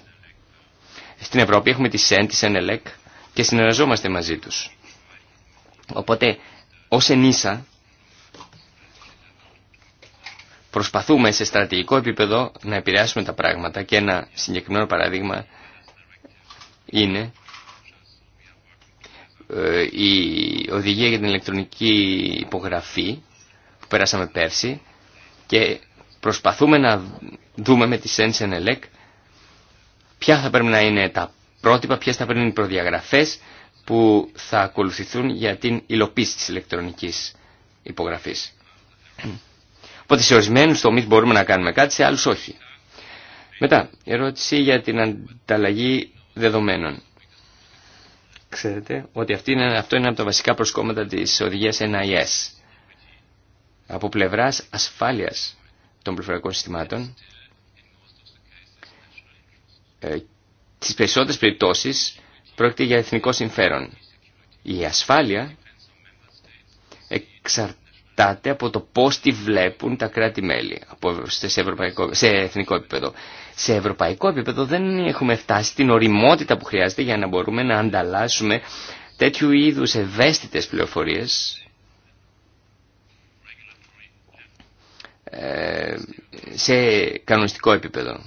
Στην Ευρώπη έχουμε τη SEN, τη SENELEC και συνεργαζόμαστε μαζί τους. Οπότε ως ενίσα προσπαθούμε σε στρατηγικό επίπεδο να επηρεάσουμε τα πράγματα και ένα συγκεκριμένο παράδειγμα είναι ε, η οδηγία για την ηλεκτρονική υπογραφή που περάσαμε πέρσι και προσπαθούμε να δούμε με τη Elec ποια θα πρέπει να είναι τα πρότυπα, ποιες θα πρέπει να είναι οι προδιαγραφές που θα ακολουθηθούν για την υλοποίηση της ηλεκτρονικής υπογραφής. Οπότε σε ορισμένου τομεί μπορούμε να κάνουμε κάτι, σε άλλου όχι. Μετά, ερώτηση για την ανταλλαγή δεδομένων. Ξέρετε ότι αυτή είναι, αυτό είναι από τα βασικά προσκόμματα της οδηγίας NIS. Από πλευρά ασφάλειας των πληροφορικών συστημάτων, ε, τις περισσότερες περιπτώσεις πρόκειται για εθνικό συμφέρον. Η ασφάλεια εξαρτάται εξαρτάται από το πώς τη βλέπουν τα κράτη-μέλη σε, ευρωπαϊκό, σε εθνικό επίπεδο. Σε ευρωπαϊκό επίπεδο δεν έχουμε φτάσει την οριμότητα που χρειάζεται για να μπορούμε να ανταλλάσσουμε τέτοιου είδους ευαίσθητες πληροφορίες ε, σε κανονιστικό επίπεδο.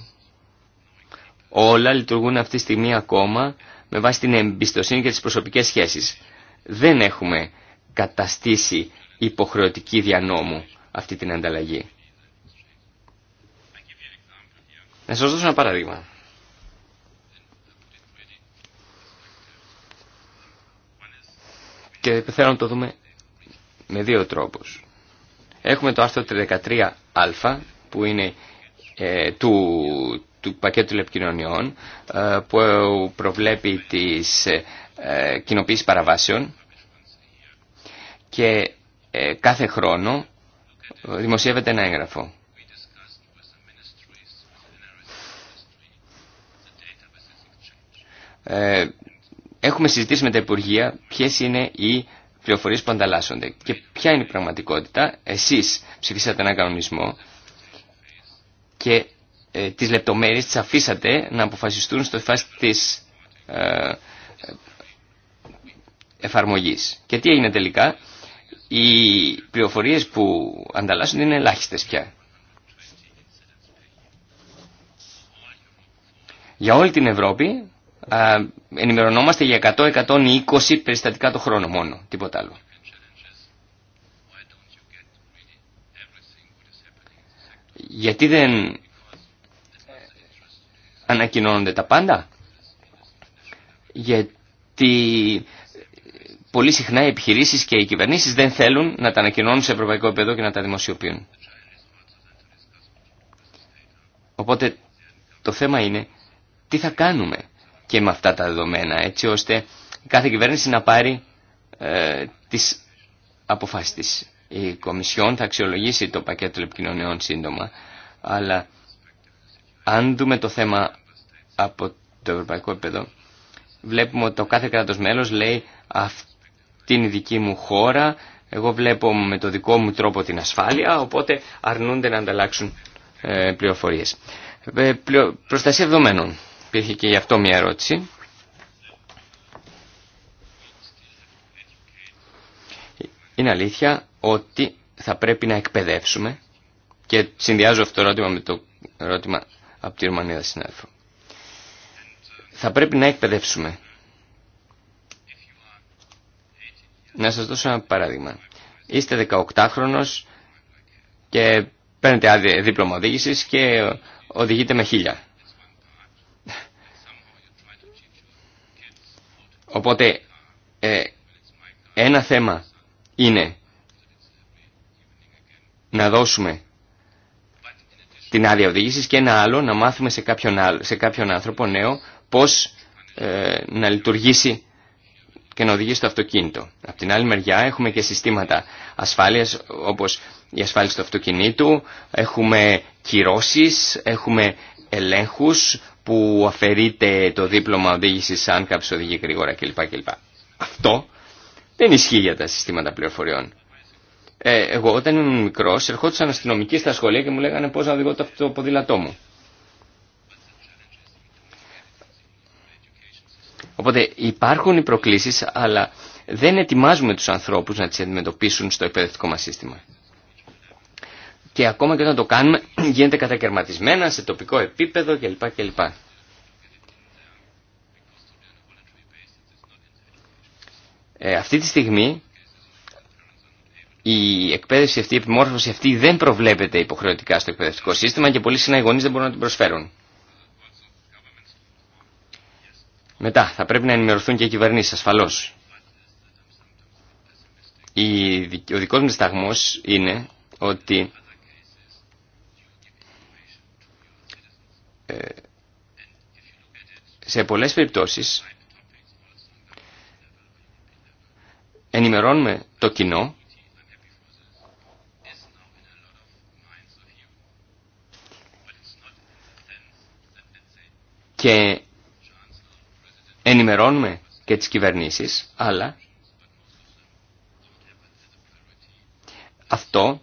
Όλα λειτουργούν αυτή τη στιγμή ακόμα με βάση την εμπιστοσύνη και τις προσωπικές σχέσεις. Δεν έχουμε καταστήσει υποχρεωτική διανόμου αυτή την ανταλλαγή. Να σας δώσω ένα παράδειγμα. Και θέλω να το δούμε με δύο τρόπους. Έχουμε το αρθρο 33 13α που είναι ε, του, του πακέτου τηλεπικοινωνιών ε, που προβλέπει τις ε, ε παραβάσεων και ε, κάθε χρόνο δημοσιεύεται ένα έγγραφο. Ε, έχουμε συζητήσει με τα Υπουργεία ποιες είναι οι πληροφορίες που ανταλλάσσονται και ποια είναι η πραγματικότητα. Εσείς ψηφίσατε ένα κανονισμό και ε, τις λεπτομέρειες αφήσατε να αποφασιστούν στο φάση της ε, εφαρμογής. Και τι έγινε τελικά, οι πληροφορίες που ανταλλάσσουν είναι ελάχιστες πια. Για όλη την Ευρώπη α, ενημερωνόμαστε για 100-120 περιστατικά το χρόνο μόνο, τίποτα άλλο. Γιατί δεν ανακοινώνονται τα πάντα. Γιατί πολύ συχνά οι επιχειρήσει και οι κυβερνήσει δεν θέλουν να τα ανακοινώνουν σε ευρωπαϊκό επίπεδο και να τα δημοσιοποιούν. Οπότε το θέμα είναι τι θα κάνουμε και με αυτά τα δεδομένα έτσι ώστε κάθε κυβέρνηση να πάρει ε, τις αποφάσεις της. Η Κομισιόν θα αξιολογήσει το πακέτο επικοινωνιών σύντομα, αλλά αν δούμε το θέμα από το ευρωπαϊκό επίπεδο, βλέπουμε ότι το κάθε κράτος μέλος λέει αυτό την δική μου χώρα, εγώ βλέπω με το δικό μου τρόπο την ασφάλεια, οπότε αρνούνται να ανταλλάξουν ε, πληροφορίες. Ε, προστασία δεδομένων. Υπήρχε και γι' αυτό μια ερώτηση. Είναι αλήθεια ότι θα πρέπει να εκπαιδεύσουμε και συνδυάζω αυτό το ερώτημα με το ερώτημα από τη Ρουμανίδα συνάδελφο. Θα πρέπει να εκπαιδεύσουμε Να σας δώσω ένα παράδειγμα. Είστε 18χρονος και παίρνετε δίπλωμα οδήγηση και οδηγείτε με χίλια. Οπότε ε, ένα θέμα είναι να δώσουμε την άδεια οδήγηση και ένα άλλο να μάθουμε σε κάποιον, άνθρωπο νέο πώς ε, να λειτουργήσει και να οδηγεί στο αυτοκίνητο. Απ' την άλλη μεριά έχουμε και συστήματα ασφάλειας όπως η ασφάλιση του αυτοκινήτου, έχουμε κυρώσεις, έχουμε ελέγχους που αφαιρείται το δίπλωμα οδήγησης αν κάποιος οδηγεί γρήγορα κλπ. Αυτό δεν ισχύει για τα συστήματα πληροφοριών. Ε, εγώ όταν ήμουν μικρός ερχόντουσαν αστυνομικοί στα σχολεία και μου λέγανε πώς να οδηγώ το ποδήλατό μου. Οπότε υπάρχουν οι προκλήσεις, αλλά δεν ετοιμάζουμε τους ανθρώπους να τις αντιμετωπίσουν στο εκπαιδευτικό μας σύστημα. Και ακόμα και όταν το κάνουμε (clears throat) γίνεται κατακαιρματισμένα σε τοπικό επίπεδο κλπ. κλπ. Ε, αυτή τη στιγμή η εκπαίδευση αυτή, η επιμόρφωση αυτή δεν προβλέπεται υποχρεωτικά στο εκπαιδευτικό σύστημα και πολλοί συναγωνείς δεν μπορούν να την προσφέρουν. Μετά, θα πρέπει να ενημερωθούν και οι κυβερνήσει, ασφαλώ. Ο δικό μου δισταγμό είναι ότι ε, σε πολλές περιπτώσεις ενημερώνουμε το κοινό και ενημερώνουμε και τις κυβερνήσεις, αλλά αυτό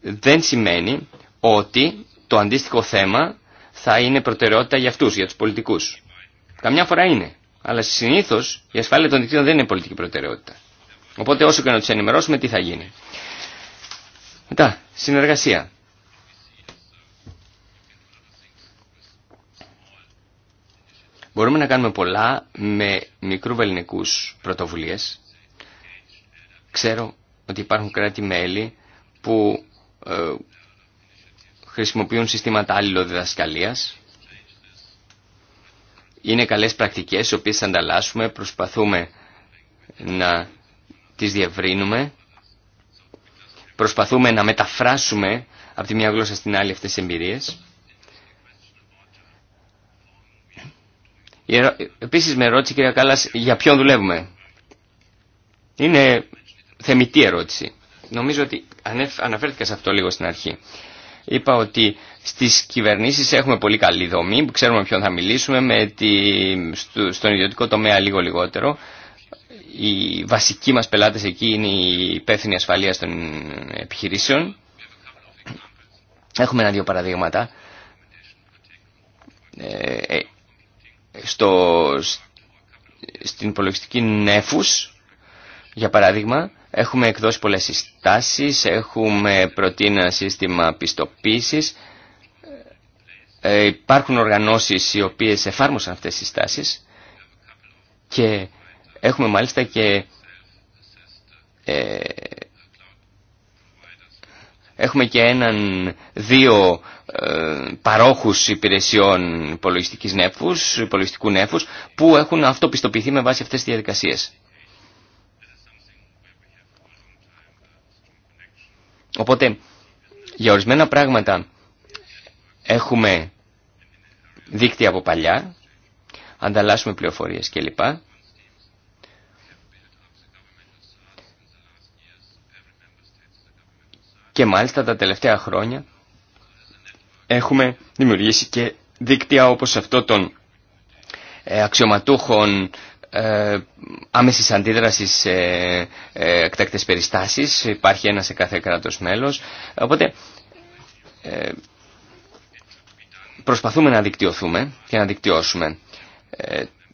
δεν σημαίνει ότι το αντίστοιχο θέμα θα είναι προτεραιότητα για αυτούς, για τους πολιτικούς. Καμιά φορά είναι, αλλά συνήθως η ασφάλεια των δικτύων δεν είναι πολιτική προτεραιότητα. Οπότε όσο και να τους ενημερώσουμε τι θα γίνει. Μετά, συνεργασία. Μπορούμε να κάνουμε πολλά με μικρου βελληνικούς πρωτοβουλίες. Ξέρω ότι υπάρχουν κράτη-μέλη που ε, χρησιμοποιούν συστήματα αλληλοδιδασκαλίας. Είναι καλές πρακτικές, οι οποίες ανταλλάσσουμε, προσπαθούμε να τις διευρύνουμε. Προσπαθούμε να μεταφράσουμε από τη μια γλώσσα στην άλλη αυτές τις εμπειρίες. Επίσης με ερώτηση κυρία Κάλλας για ποιον δουλεύουμε. Είναι θεμητή ερώτηση. Νομίζω ότι αναφέρθηκα σε αυτό λίγο στην αρχή. Είπα ότι στις κυβερνήσεις έχουμε πολύ καλή δομή, που ξέρουμε ποιον θα μιλήσουμε, με τη, στο, στον ιδιωτικό τομέα λίγο λιγότερο. Οι βασικοί μας πελάτες εκεί είναι η υπεύθυνοι ασφαλεία των επιχειρήσεων. Έχουμε ένα-δύο παραδείγματα. Ε, ε, στο, στην υπολογιστική νέφους, για παράδειγμα, έχουμε εκδώσει πολλές συστάσεις, έχουμε προτείνει ένα σύστημα πιστοποίησης, ε, υπάρχουν οργανώσεις οι οποίες εφάρμοσαν αυτές τις συστάσεις και έχουμε μάλιστα και ε, Έχουμε και έναν, δύο ε, παρόχους υπηρεσιών υπολογιστικής νέφους, υπολογιστικού νέφους που έχουν αυτοπιστοποιηθεί με βάση αυτές τις διαδικασίες. Οπότε για ορισμένα πράγματα έχουμε δίκτυα από παλιά, ανταλλάσσουμε πληροφορίες κλπ. Και μάλιστα τα τελευταία χρόνια έχουμε δημιουργήσει και δίκτυα όπως αυτό των ε, αξιωματούχων ε, άμεσης αντίδρασης σε ε, εκτακτές περιστάσεις. Υπάρχει ένα σε κάθε κράτος μέλος. Οπότε ε, προσπαθούμε να δικτυωθούμε και να δικτυώσουμε.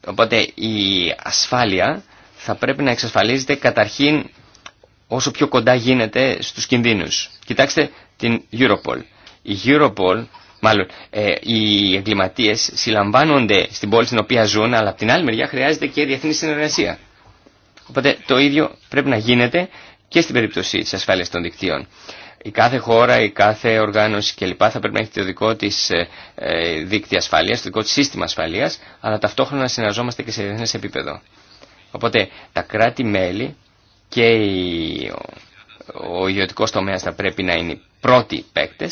οπότε η ασφάλεια θα πρέπει να εξασφαλίζεται καταρχήν όσο πιο κοντά γίνεται στους κινδύνους. Κοιτάξτε την Europol. Η Europol, μάλλον ε, οι εγκληματίες συλλαμβάνονται στην πόλη στην οποία ζουν, αλλά από την άλλη μεριά χρειάζεται και διεθνή συνεργασία. Οπότε το ίδιο πρέπει να γίνεται και στην περίπτωση της ασφάλειας των δικτύων. Η κάθε χώρα, η κάθε οργάνωση κλπ. θα πρέπει να έχει το δικό τη ε, ε, δίκτυο ασφαλεία, το δικό τη σύστημα ασφαλεία, αλλά ταυτόχρονα να συνεργαζόμαστε και σε διεθνέ επίπεδο. Οπότε τα κράτη-μέλη και ο ιδιωτικό τομέα θα πρέπει να είναι οι πρώτοι παίκτε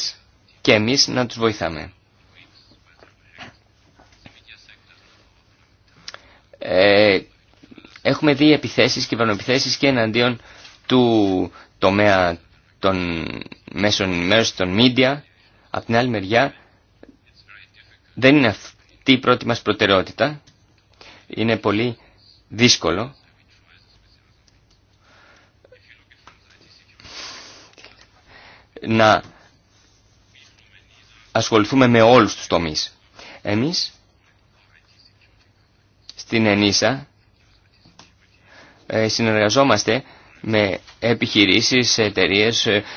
και εμείς να τους βοηθάμε. Ε, έχουμε δει επιθέσεις, κυβερνοεπιθέσεις και εναντίον του τομέα των μέσων ενημέρωση των media. Απ' την άλλη μεριά δεν είναι αυτή η πρώτη μας προτεραιότητα. Είναι πολύ δύσκολο να ασχοληθούμε με όλους τους τομείς. Εμείς στην ΕΝΙΣΑ ε, συνεργαζόμαστε με επιχειρήσεις, εταιρείε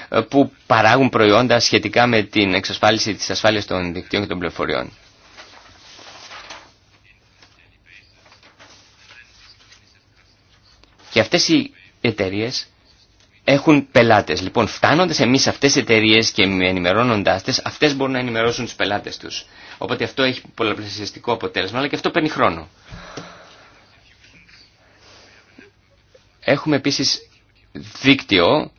ε, που παράγουν προϊόντα σχετικά με την εξασφάλιση της ασφάλειας των δικτύων και των πληροφοριών. Και αυτές οι εταιρείε έχουν πελάτες. Λοιπόν, φτάνοντας εμείς σε αυτές τις εταιρείε και ενημερώνοντάς τις, αυτές μπορούν να ενημερώσουν τους πελάτες τους. Οπότε αυτό έχει πολλαπλασιαστικό αποτέλεσμα, αλλά και αυτό παίρνει χρόνο. Έχουμε επίσης δίκτυο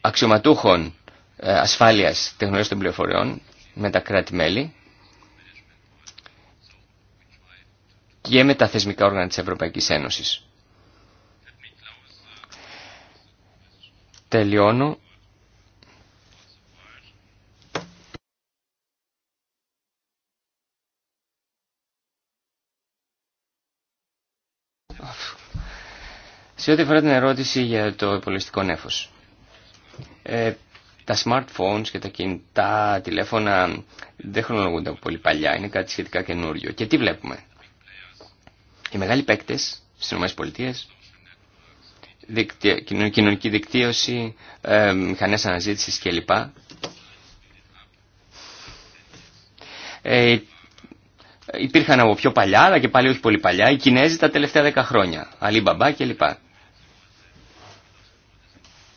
αξιωματούχων ε, ασφάλειας τεχνολογίας των πληροφοριών με τα κράτη-μέλη και με τα θεσμικά όργανα της Ευρωπαϊκής Ένωσης. Τελειώνω. Σε ό,τι αφορά την ερώτηση για το υπολογιστικό νέφος. Ε, τα smartphones και τα κινητά τηλέφωνα δεν χρονολογούνται από πολύ παλιά. Είναι κάτι σχετικά καινούριο. Και τι βλέπουμε. Οι μεγάλοι παίκτες στις ΗΠΑ κοινωνική δικτύωση, ε, μηχανές αναζήτησης κλπ. Ε, υπήρχαν από πιο παλιά, αλλά και πάλι όχι πολύ παλιά, οι Κινέζοι τα τελευταία 10 χρόνια, μπαμπά κλπ.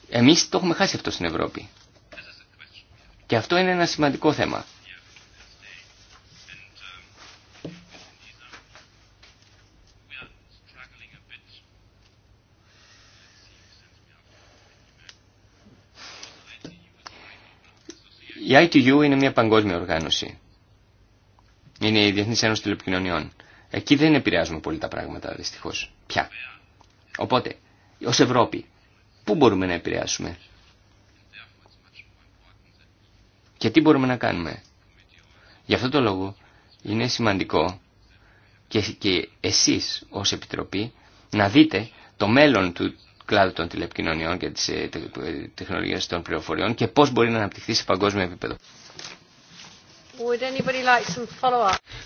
Εμείς το έχουμε χάσει αυτό στην Ευρώπη. Και αυτό είναι ένα σημαντικό θέμα. Η ITU είναι μια παγκόσμια οργάνωση. Είναι η Διεθνή Ένωση Τηλεπικοινωνιών. Εκεί δεν επηρεάζουμε πολύ τα πράγματα, δυστυχώ. Πια. Οπότε, ως Ευρώπη, πού μπορούμε να επηρεάσουμε. Και τι μπορούμε να κάνουμε. Γι' αυτό το λόγο είναι σημαντικό και, και εσείς ως Επιτροπή να δείτε το μέλλον του κλάδου των τηλεπικοινωνιών και της ε, ε, τεχνολογίας των πληροφοριών και πώς μπορεί να αναπτυχθεί σε παγκόσμιο επίπεδο.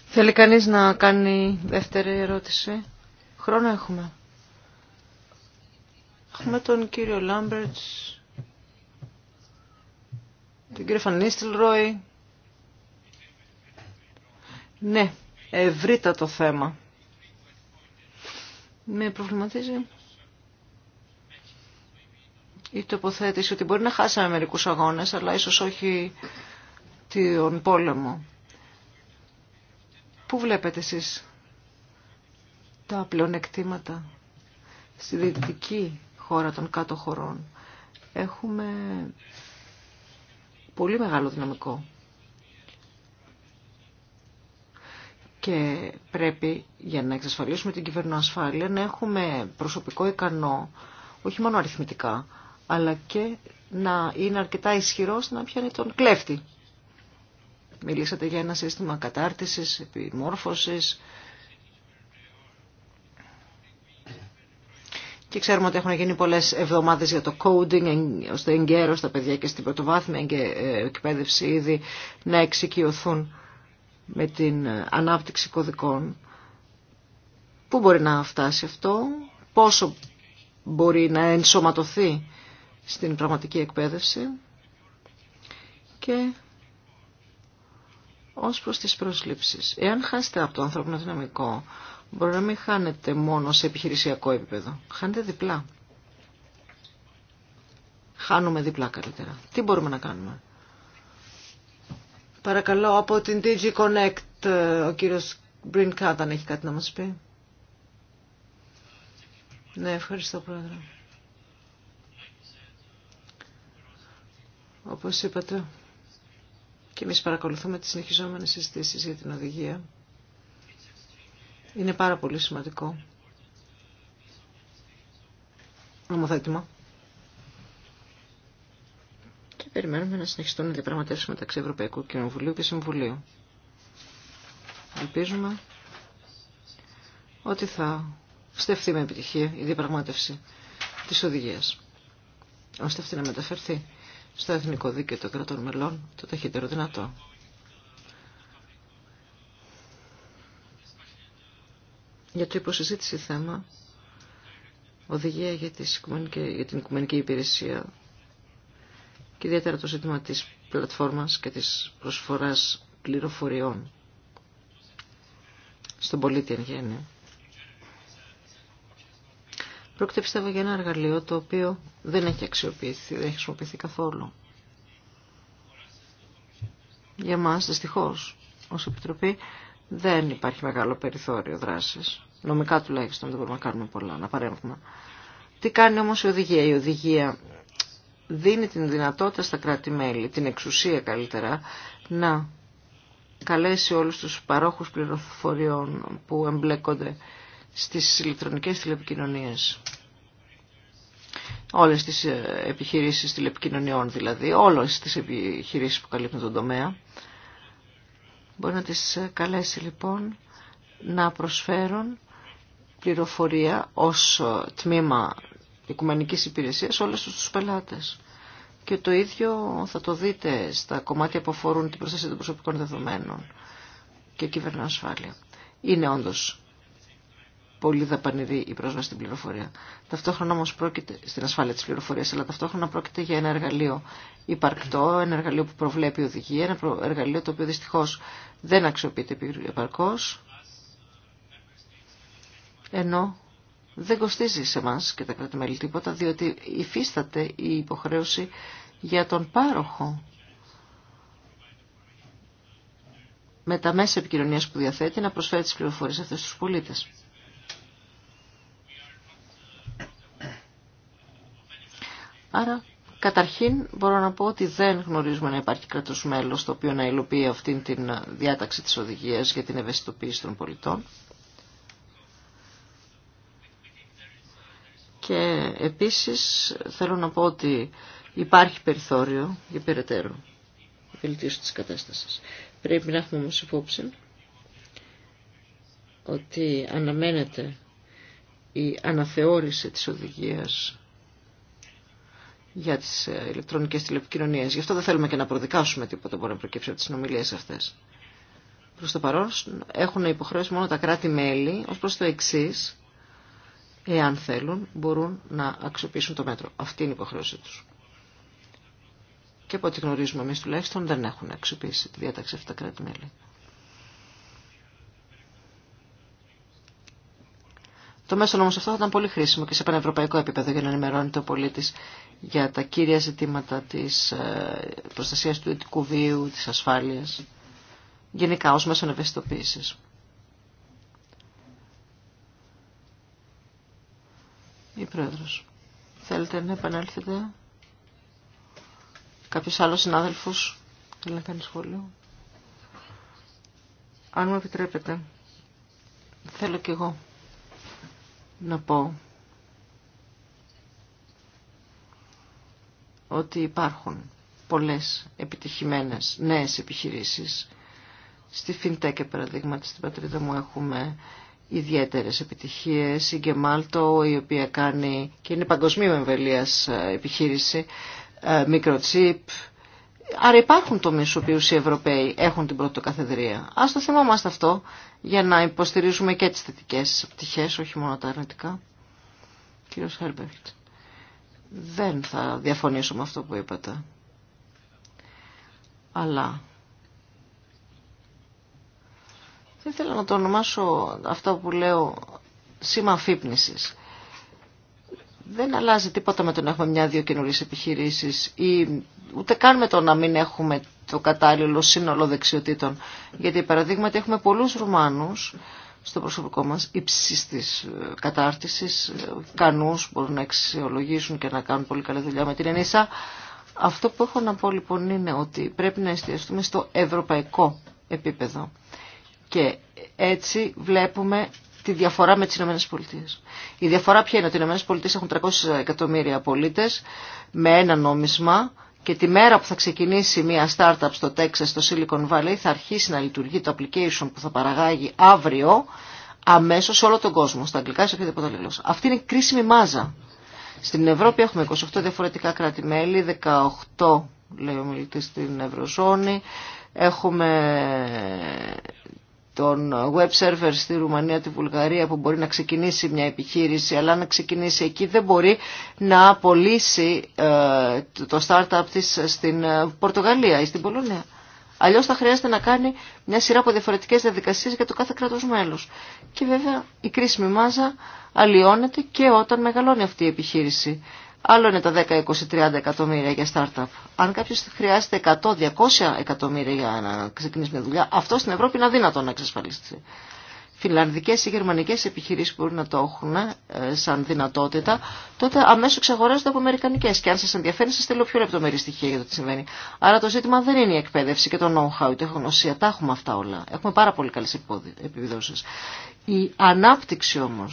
Θέλει κανείς να κάνει δεύτερη ερώτηση. Χρόνο έχουμε. Έχουμε τον κύριο Λάμπερτς, τον κύριο Φανίστηλ Ρόι. Ναι, ευρύτατο θέμα. Με προβληματίζει η τοποθέτηση ότι μπορεί να χάσαμε μερικούς αγώνες, αλλά ίσως όχι τον πόλεμο. Πού βλέπετε εσείς τα πλεονεκτήματα στη δυτική χώρα των κάτω χωρών. Έχουμε πολύ μεγάλο δυναμικό. Και πρέπει για να εξασφαλίσουμε την κυβερνοασφάλεια να έχουμε προσωπικό ικανό, όχι μόνο αριθμητικά, αλλά και να είναι αρκετά ισχυρός να πιάνει τον κλέφτη. Μιλήσατε για ένα σύστημα κατάρτισης, επιμόρφωσης και ξέρουμε ότι έχουν γίνει πολλές εβδομάδες για το coding ώστε εγκαίρως τα παιδιά και στην πρωτοβάθμια και ε, εκπαίδευση ήδη να εξοικειωθούν με την ε, ανάπτυξη κωδικών. Πού μπορεί να φτάσει αυτό, πόσο μπορεί να ενσωματωθεί στην πραγματική εκπαίδευση και ως προς τις προσλήψεις. Εάν χάσετε από το ανθρώπινο δυναμικό, μπορεί να μην χάνετε μόνο σε επιχειρησιακό επίπεδο. Χάνετε διπλά. Χάνουμε διπλά καλύτερα. Τι μπορούμε να κάνουμε. Παρακαλώ από την DigiConnect, Connect ο κύριος Μπριν Κάταν έχει κάτι να μας πει. Ναι, ευχαριστώ πρόεδρε. όπως είπατε, και εμείς παρακολουθούμε τις συνεχιζόμενες συζητήσεις για την οδηγία. Είναι πάρα πολύ σημαντικό νομοθέτημα. Και περιμένουμε να συνεχιστούν οι διαπραγματεύσεις μεταξύ Ευρωπαϊκού Κοινοβουλίου και Συμβουλίου. Ελπίζουμε ότι θα στεφθεί με επιτυχία η διαπραγμάτευση της οδηγίας, ώστε αυτή να μεταφερθεί στο εθνικό δίκαιο των κρατών μελών το ταχύτερο δυνατό. Για το υποσυζήτηση θέμα, οδηγία για, την οικουμενική υπηρεσία και ιδιαίτερα το ζήτημα της πλατφόρμας και της προσφοράς πληροφοριών στον πολίτη εν γέννη. Πρόκειται πιστεύω για ένα εργαλείο το οποίο δεν έχει αξιοποιηθεί, δεν έχει χρησιμοποιηθεί καθόλου. Για μας, δυστυχώς, ως Επιτροπή, δεν υπάρχει μεγάλο περιθώριο δράσης. Νομικά τουλάχιστον δεν μπορούμε να κάνουμε πολλά, να παρέμβουμε. Τι κάνει όμως η οδηγία. Η οδηγία δίνει την δυνατότητα στα κράτη-μέλη, την εξουσία καλύτερα, να καλέσει όλους τους παρόχους πληροφοριών που εμπλέκονται στις ηλεκτρονικές τηλεπικοινωνίες. Όλες τις ε, επιχειρήσεις τηλεπικοινωνιών δηλαδή, όλες τις επιχειρήσεις που καλύπτουν τον τομέα. Μπορεί να τις ε, καλέσει λοιπόν να προσφέρουν πληροφορία ως ε, τμήμα οικουμενικής υπηρεσίας όλες τους πελάτες. Και το ίδιο θα το δείτε στα κομμάτια που αφορούν την προστασία των προσωπικών δεδομένων και ασφάλεια. Είναι όντως πολύ δαπανηρή η πρόσβαση στην πληροφορία. Ταυτόχρονα όμω πρόκειται στην ασφάλεια τη πληροφορία, αλλά ταυτόχρονα πρόκειται για ένα εργαλείο υπαρκτό, ένα εργαλείο που προβλέπει οδηγία, ένα εργαλείο το οποίο δυστυχώ δεν αξιοποιείται επαρκώς, ενώ δεν κοστίζει σε εμά και τα κράτη-μέλη τίποτα, διότι υφίσταται η υποχρέωση για τον πάροχο με τα μέσα επικοινωνίας που διαθέτει να προσφέρει τις πληροφορίες αυτές στους πολίτες. Άρα, καταρχήν μπορώ να πω ότι δεν γνωρίζουμε να υπάρχει κρατός μέλος το οποίο να υλοποιεί αυτήν την διάταξη της οδηγίας για την ευαισθητοποίηση των πολιτών. Και επίσης θέλω να πω ότι υπάρχει περιθώριο για περαιτέρω βελτίωση της κατάστασης. Πρέπει να έχουμε όμως υπόψη ότι αναμένεται η αναθεώρηση της οδηγίας για τις ε, ηλεκτρονικές τηλεπικοινωνίες. Γι' αυτό δεν θέλουμε και να προδικάσουμε τίποτα μπορεί να προκύψει από τις συνομιλίες αυτές. Προς το παρόν έχουν υποχρέωση μόνο τα κράτη-μέλη ως προς το εξή, εάν θέλουν, μπορούν να αξιοποιήσουν το μέτρο. Αυτή είναι η υποχρέωσή τους. Και από ό,τι γνωρίζουμε εμεί τουλάχιστον δεν έχουν αξιοποιήσει τη διάταξη αυτά τα κράτη-μέλη. Το μέσο όμως αυτό θα ήταν πολύ χρήσιμο και σε πανευρωπαϊκό επίπεδο για να ενημερώνεται ο πολίτη για τα κύρια ζητήματα της ε, προστασίας του ειδικού βίου, της ασφάλειας, γενικά ω μέσο ευαισθητοποίηση. Η Πρόεδρος. Θέλετε να επανέλθετε. Κάποιος άλλος συνάδελφο θέλει να κάνει σχόλιο. Αν μου επιτρέπετε, θέλω κι εγώ να πω ότι υπάρχουν πολλές επιτυχημένες νέες επιχειρήσεις. Στη Φιντέκε παραδείγματι στην πατρίδα μου έχουμε ιδιαίτερες επιτυχίες. Η Γκεμάλτο η οποία κάνει και είναι παγκοσμίου εμβελίας ε, επιχείρηση, μικροτσίπ, ε, Άρα υπάρχουν τομεί στου οποίου οι Ευρωπαίοι έχουν την πρωτοκαθεδρία. Α το θυμόμαστε αυτό για να υποστηρίζουμε και τι θετικέ πτυχέ, όχι μόνο τα αρνητικά. Κύριο Χέρμπερτ, δεν θα διαφωνήσω με αυτό που είπατε. Αλλά δεν θέλω να το ονομάσω αυτό που λέω σήμα αφύπνισης δεν αλλάζει τίποτα με το να έχουμε μια-δύο καινούριε επιχειρήσει. ή ούτε καν με το να μην έχουμε το κατάλληλο σύνολο δεξιοτήτων. Γιατί παραδείγματι έχουμε πολλού Ρουμάνους στο προσωπικό μας ύψη τη ε, κατάρτισης, ε, κανούς μπορούν να αξιολογήσουν και να κάνουν πολύ καλή δουλειά με την ΕΝΙΣΑ. Αυτό που έχω να πω λοιπόν είναι ότι πρέπει να εστιαστούμε στο ευρωπαϊκό επίπεδο. Και έτσι βλέπουμε τη διαφορά με τι Ηνωμένες Πολιτείες. Η διαφορά ποια είναι ότι οι Ηνωμένε Πολιτείες έχουν 300 εκατομμύρια πολίτε με ένα νόμισμα και τη μέρα που θα ξεκινήσει μια startup στο Texas, στο Silicon Valley, θα αρχίσει να λειτουργεί το application που θα παραγάγει αύριο αμέσω σε όλο τον κόσμο, στα αγγλικά ή σε οποιαδήποτε άλλη γλώσσα. Αυτή είναι η κρίσιμη μάζα. Στην Ευρώπη έχουμε 28 διαφορετικά κράτη-μέλη, 18 λέει ο στην Ευρωζώνη, έχουμε τον web servers στη Ρουμανία, τη Βουλγαρία που μπορεί να ξεκινήσει μια επιχείρηση αλλά να ξεκινήσει εκεί δεν μπορεί να απολύσει ε, το startup της στην ε, Πορτογαλία ή στην Πολωνία. Αλλιώς θα χρειάζεται να κάνει μια σειρά από διαφορετικές διαδικασίες για το κάθε κράτος μέλος. Και βέβαια η κρίσιμη μάζα αλλοιώνεται και όταν μεγαλώνει αυτή η επιχείρηση άλλο είναι τα 10, 20, 30 εκατομμύρια για startup. Αν κάποιο χρειάζεται 100, 200 εκατομμύρια για να ξεκινήσει μια δουλειά, αυτό στην Ευρώπη είναι αδύνατο να εξασφαλιστεί. Φιλανδικέ ή γερμανικέ επιχειρήσει που να το έχουν ε, σαν δυνατότητα, τότε αμέσω εξαγοράζονται από αμερικανικέ. Και αν σα ενδιαφέρει, σα στείλω πιο λεπτομερή στοιχεία για το τι συμβαίνει. Άρα το ζήτημα δεν είναι η εκπαίδευση και το know-how, η τεχνογνωσία. Τα έχουμε αυτά όλα. Έχουμε πάρα πολύ καλέ επιδόσει. Η ανάπτυξη όμω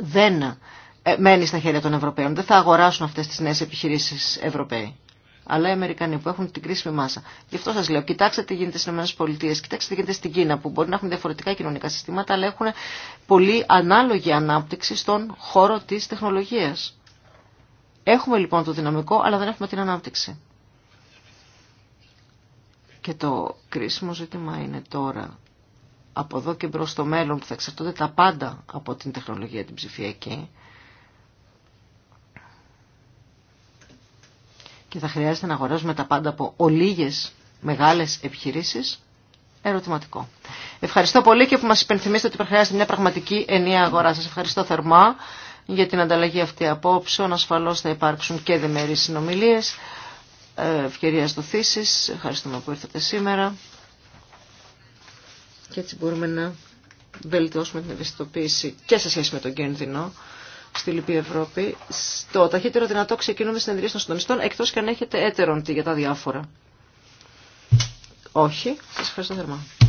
δεν ε, μένει στα χέρια των Ευρωπαίων. Δεν θα αγοράσουν αυτές τις νέες επιχειρήσεις Ευρωπαίοι. Αλλά οι Αμερικανοί που έχουν την κρίσιμη μάσα. Γι' αυτό σα λέω, κοιτάξτε τι γίνεται στι ΗΠΑ, κοιτάξτε τι γίνεται στην Κίνα που μπορεί να έχουν διαφορετικά κοινωνικά συστήματα, αλλά έχουν πολύ ανάλογη ανάπτυξη στον χώρο τη τεχνολογία. Έχουμε λοιπόν το δυναμικό, αλλά δεν έχουμε την ανάπτυξη. Και το κρίσιμο ζήτημα είναι τώρα, από εδώ και μπρο στο μέλλον, που θα εξαρτώνται τα πάντα από την τεχνολογία την ψηφιακή, και θα χρειάζεται να αγοράζουμε τα πάντα από ολίγες μεγάλες επιχειρήσεις. Ερωτηματικό. Ευχαριστώ πολύ και που μας υπενθυμίσετε ότι χρειάζεται μια πραγματική ενιαία αγορά. Σας ευχαριστώ θερμά για την ανταλλαγή αυτή απόψεων. Ασφαλώς θα υπάρξουν και δεμερείς συνομιλίες. Ε, ευκαιρία στο θύσεις. Ευχαριστούμε που ήρθατε σήμερα. Και έτσι μπορούμε να βελτιώσουμε την ευαισθητοποίηση και σε σχέση με τον κίνδυνο στη Λυπή Ευρώπη. Στο ταχύτερο δυνατό ξεκινούμε συνεδρίες των συντονιστών, εκτός και αν έχετε έτερον για τα διάφορα. Όχι. Σας ευχαριστώ θερμά.